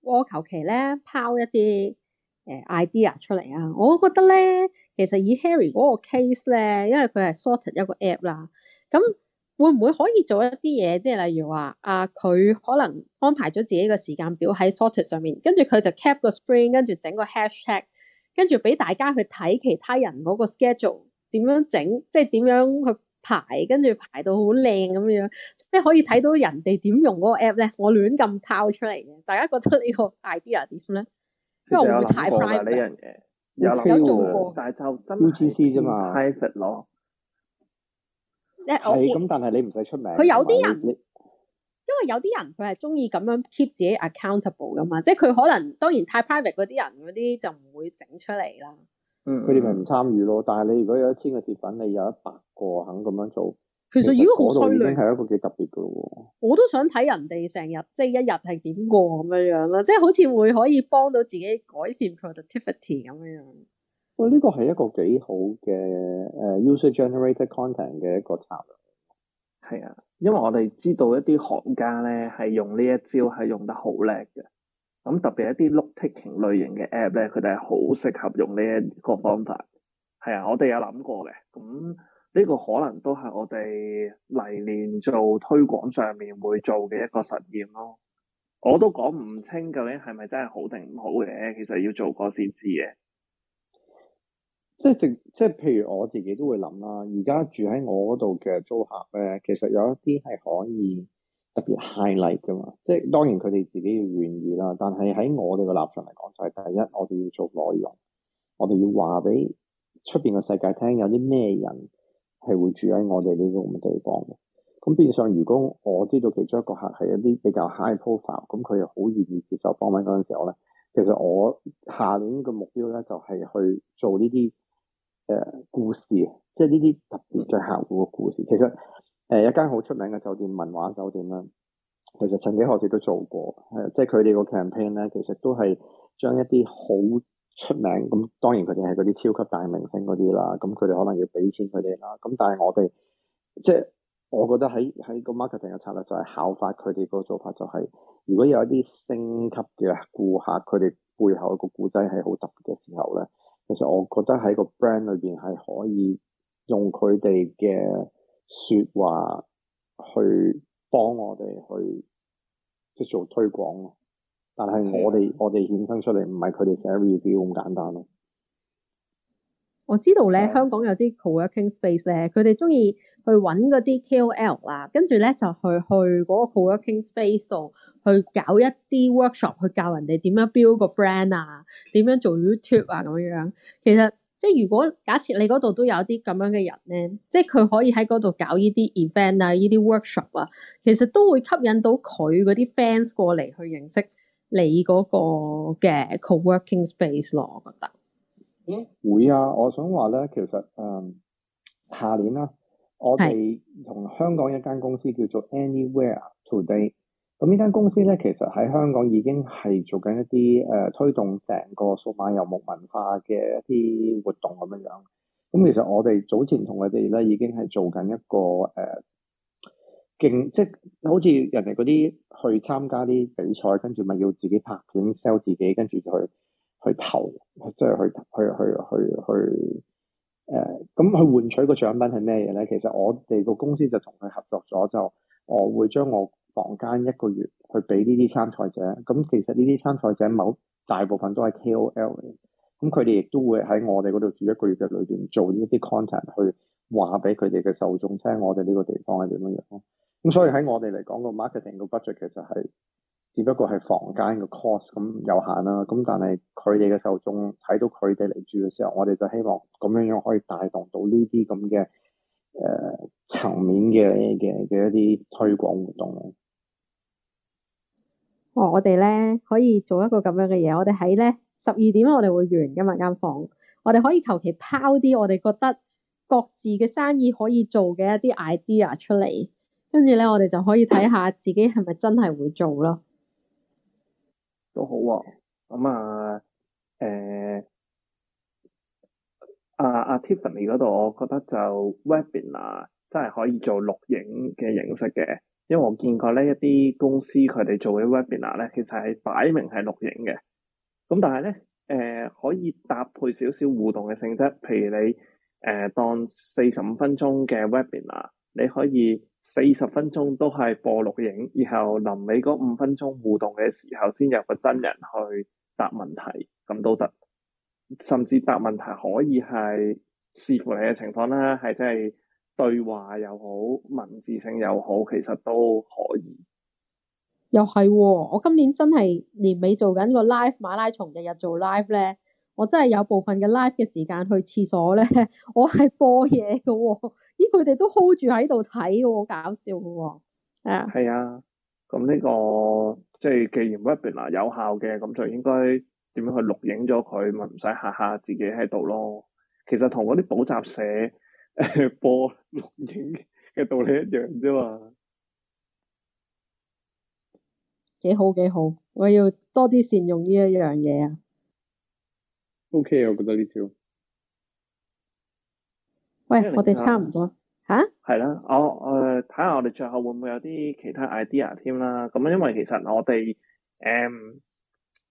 我求其咧拋一啲誒、呃、idea 出嚟啊，我覺得咧其實以 Harry 嗰個 case 咧，因為佢係 sorted 一個 app 啦，咁會唔會可以做一啲嘢？即係例如話啊，佢可能安排咗自己嘅時間表喺 sorted 上面，跟住佢就 cap 個 s p r i n g 跟住整個 hashtag。跟住俾大家去睇其他人嗰個 schedule 點樣整，即係點樣去排，跟住排到好靚咁樣，即係可以睇到人哋點用嗰個 app 咧。我亂咁靠出嚟嘅，大家覺得呢個 idea 點咧？因為我會唔會太 private。有，有做過，但係就真係 too private 咁，但係你唔使出名。佢有啲人。因為有啲人佢係中意咁樣 keep 自己 accountable 噶嘛，即係佢可能當然太 private 嗰啲人嗰啲就唔會整出嚟啦。嗯，佢哋咪唔參與咯。但係你如果有一千個鐵粉，你有一百個肯咁樣做，其實已經好犀利，係一個幾特別噶咯。我都想睇人哋成日即係、就是、一日係點過咁樣樣啦，即係好似會可以幫到自己改善 productivity 咁樣樣。喂，呢個係一個幾好嘅誒、uh, user generated content 嘅一個策略。係啊，因為我哋知道一啲行家咧係用呢一招係用得好叻嘅。咁特別一啲 note-taking 類型嘅 app 咧，佢哋係好適合用呢一個方法。係啊，我哋有諗過嘅。咁呢個可能都係我哋嚟年做推廣上面會做嘅一個實驗咯。我都講唔清究竟係咪真係好定唔好嘅，其實要做過先知嘅。即係即係譬如我自己都會諗啦。而家住喺我嗰度嘅租客咧，其實有一啲係可以特別 highlight 噶嘛。即係當然佢哋自己要願意啦，但係喺我哋嘅立場嚟講，就係第一，我哋要做內容，我哋要話俾出邊嘅世界聽，有啲咩人係會住喺我哋呢個咁嘅地方嘅。咁變相如果我知道其中一個客係一啲比較 high profile，咁佢又好願意接受訪問嗰陣時候咧，其實我下年嘅目標咧就係、是、去做呢啲。誒故事，即係呢啲特別嘅客戶嘅故事。其實誒一間好出名嘅酒店，文華酒店啦，其實曾幾何時都做過。係即係佢哋個 campaign 咧，其實都係將一啲好出名咁，當然佢哋係嗰啲超級大明星嗰啲啦。咁佢哋可能要俾錢佢哋啦。咁但係我哋即係我覺得喺喺個 marketing 嘅策略就係效法佢哋個做法，就係，就係如果有一啲星級嘅顧客，佢哋背後一個故仔係好特別嘅時候咧。其實我覺得喺個 brand 裏邊係可以用佢哋嘅說話去幫我哋去即係做推廣咯，但係的我哋我哋衍生出嚟唔係佢哋寫 review 咁簡單咯。我知道咧，香港有啲 co-working space 咧，佢哋中意去揾嗰啲 KOL 啦，跟住咧就去去嗰個 co-working space 度去搞一啲 workshop，去教人哋點樣 build 個 brand 啊，點樣做 YouTube 啊咁樣。其實即係如果假設你嗰度都有啲咁樣嘅人咧，即係佢可以喺嗰度搞呢啲 event 啊，呢啲 workshop 啊，其實都會吸引到佢嗰啲 fans 過嚟去認識你嗰個嘅 co-working space 咯，我覺得。嗯，會啊！我想話咧，其實誒、嗯、下年啦，我哋同香港一間公司叫做 Anywhere Today，咁呢間公司咧，其實喺香港已經係做緊一啲誒、呃、推動成個數碼遊牧文化嘅一啲活動咁樣樣。咁、嗯嗯嗯、其實我哋早前同佢哋咧已經係做緊一個誒競、呃，即好似人哋嗰啲去參加啲比賽，跟住咪要自己拍片 sell 自己，跟住就去。去投，即係去去去去去誒，咁、呃、去換取個獎品係咩嘢咧？其實我哋個公司就同佢合作咗，就我會將我房間一個月去俾呢啲參賽者。咁其實呢啲參賽者某大部分都係 KOL，嚟，咁佢哋亦都會喺我哋嗰度住一個月嘅裏邊做一啲 content 去話俾佢哋嘅受眾聽我哋呢個地方係點樣樣咯。咁所以喺我哋嚟講，個 marketing 個 budget 其實係。只不過係房間嘅 cost 咁有限啦、啊。咁但係佢哋嘅受眾睇到佢哋嚟住嘅時候，我哋就希望咁樣樣可以帶動到呢啲咁嘅誒層面嘅嘅嘅一啲推廣活動哦，我哋咧可以做一個咁樣嘅嘢。我哋喺咧十二點，我哋會完今日間房。我哋可以求其拋啲我哋覺得各自嘅生意可以做嘅一啲 idea 出嚟，跟住咧我哋就可以睇下自己係咪真係會做咯。都好喎、哦，咁啊，誒、啊，阿阿 Tiffany 嗰度，裡裡我覺得就 Webinar 真係可以做錄影嘅形式嘅，因為我見過呢一啲公司佢哋做嘅 Webinar 咧，其實係擺明係錄影嘅，咁但係咧誒可以搭配少少互動嘅性質，譬如你誒、啊、當四十五分鐘嘅 Webinar。你可以四十分鐘都係播錄影，然後臨尾嗰五分鐘互動嘅時候，先有個真人去答問題，咁都得。甚至答問題可以係視乎你嘅情況啦，係真係對話又好，文字性又好，其實都可以。又係、喎，我今年真係年尾做緊個 live 馬拉松，日日做 live 咧，我真係有部分嘅 live 嘅時間去廁所咧， 我係播嘢嘅、喎。 咦，佢哋都 hold 住喺度睇嘅，好搞笑嘅喎。啊，係啊，咁呢、呢個即係既然 webinar 有效嘅，咁就應該點樣去錄影咗佢，咪唔使吓吓自己喺度咯。其實同嗰啲補習社誒 播錄影嘅道理一樣啫嘛。幾好幾好，我要多啲善用呢一樣嘢啊。O、okay, K，我覺得呢條。喂，我哋差唔多嚇，係啦，我誒睇下我哋最後會唔會有啲其他 idea 添啦。咁因為其實我哋誒、嗯、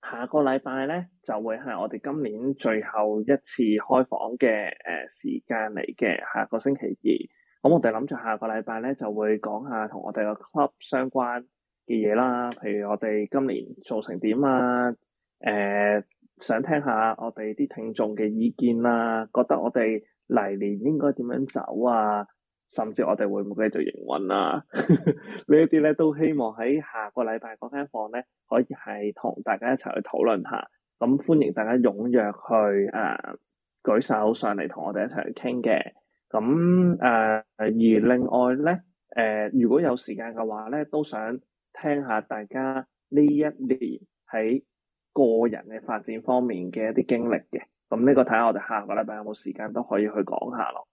下個禮拜咧就會係我哋今年最後一次開房嘅誒時間嚟嘅，下個星期二。咁、嗯、我哋諗住下個禮拜咧就會講下同我哋個 club 相關嘅嘢啦，譬如我哋今年做成點啊？誒、呃，想聽下我哋啲聽眾嘅意見啊，覺得我哋。嚟年應該點樣走啊？甚至我哋會唔會繼續營運啊？ 呢啲咧都希望喺下個禮拜嗰間房咧，可以係同大家一齊去討論下。咁歡迎大家踴躍去誒、呃、舉手上嚟同我哋一齊去傾嘅。咁誒、呃、而另外咧誒、呃，如果有時間嘅話咧，都想聽下大家呢一年喺個人嘅發展方面嘅一啲經歷嘅。咁呢個睇下我哋下個禮拜有冇時間都可以去講下咯。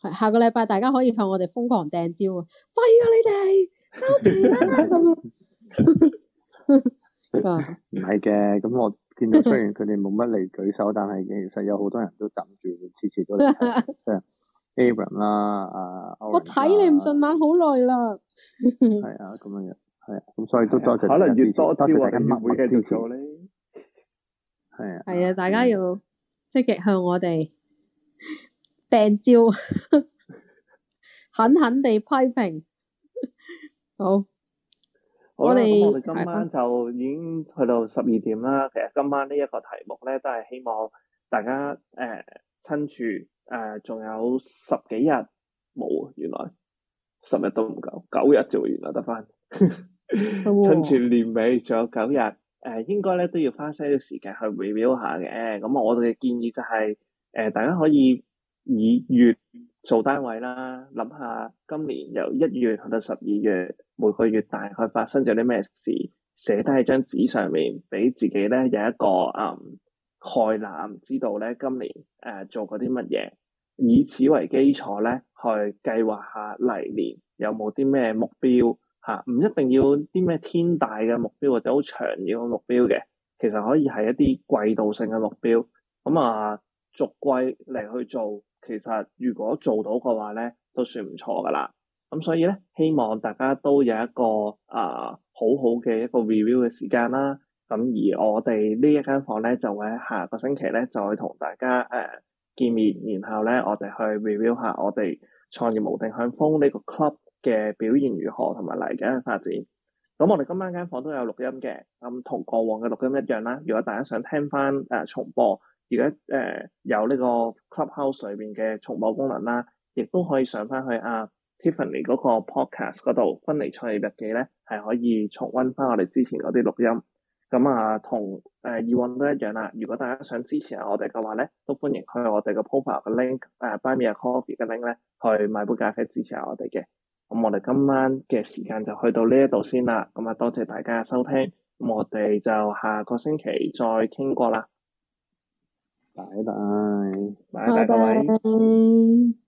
係下個禮拜大家可以向我哋瘋狂掟招，廢啊你哋收皮啦咁啊！唔係嘅，咁我見到雖然佢哋冇乜嚟舉手，但係其實有好多人都抌住，次次都即係 Aaron 啦，阿我睇你唔順眼好耐啦。係啊，咁樣樣係啊，咁所以都多謝。可能越多招大家乜會繼續做咧？係啊，係啊，大家要積極向我哋掟照。 狠狠地批評，好。好我哋們今晚就已經去到十二點啦。其實今晚呢一個題目咧，都係希望大家誒，趁、呃、住誒，仲、呃、有十幾日冇，原來十日都唔夠，九日就會原來得返。趁住。年尾仲有九日。誒應該咧都要花些少時間去 review 下嘅。咁我哋嘅建議就係、是、誒、呃、大家可以以月做單位啦，諗下今年由一月去到十二月，每個月大概發生咗啲咩事，寫低喺張紙上面，俾自己咧有一個啊、呃、概覽，知道咧今年誒、呃、做過啲乜嘢，以此為基礎咧去計劃下嚟年有冇啲咩目標。嚇唔、啊、一定要啲咩天大嘅目標或者好長嘅目標嘅，其實可以係一啲季度性嘅目標，咁啊逐季嚟去做，其實如果做到嘅話咧，都算唔錯噶啦。咁所以咧，希望大家都有一個啊好好嘅一個 review 嘅時間啦。咁而我哋呢一間房咧，就會喺下個星期咧，就會同大家誒、啊、見面，然後咧我哋去 review 下我哋創業無定向瘋呢個 club。嘅表現如何同埋嚟緊嘅發展。咁我哋今晚間房都有錄音嘅，咁、嗯、同過往嘅錄音一樣啦。如果大家想聽翻誒、呃、重播，而家誒有呢個 Clubhouse 裏邊嘅重播功能啦，亦都可以上翻去啊 Tiffany 嗰個 Podcast 嗰度《芬尼創業日記呢》咧，係可以重溫翻我哋之前嗰啲錄音。咁、嗯、啊，同誒、呃、以往都一樣啦。如果大家想支持下我哋嘅話咧，都歡迎去我哋嘅 Profile link 誒、啊、Buy Me A Coffee 嘅 link 咧，去買杯咖啡支持下我哋嘅。咁我哋今晚嘅時間就去到呢一度先啦，咁啊多謝大家收聽，咁我哋就下個星期再傾過啦，拜拜，拜拜各位。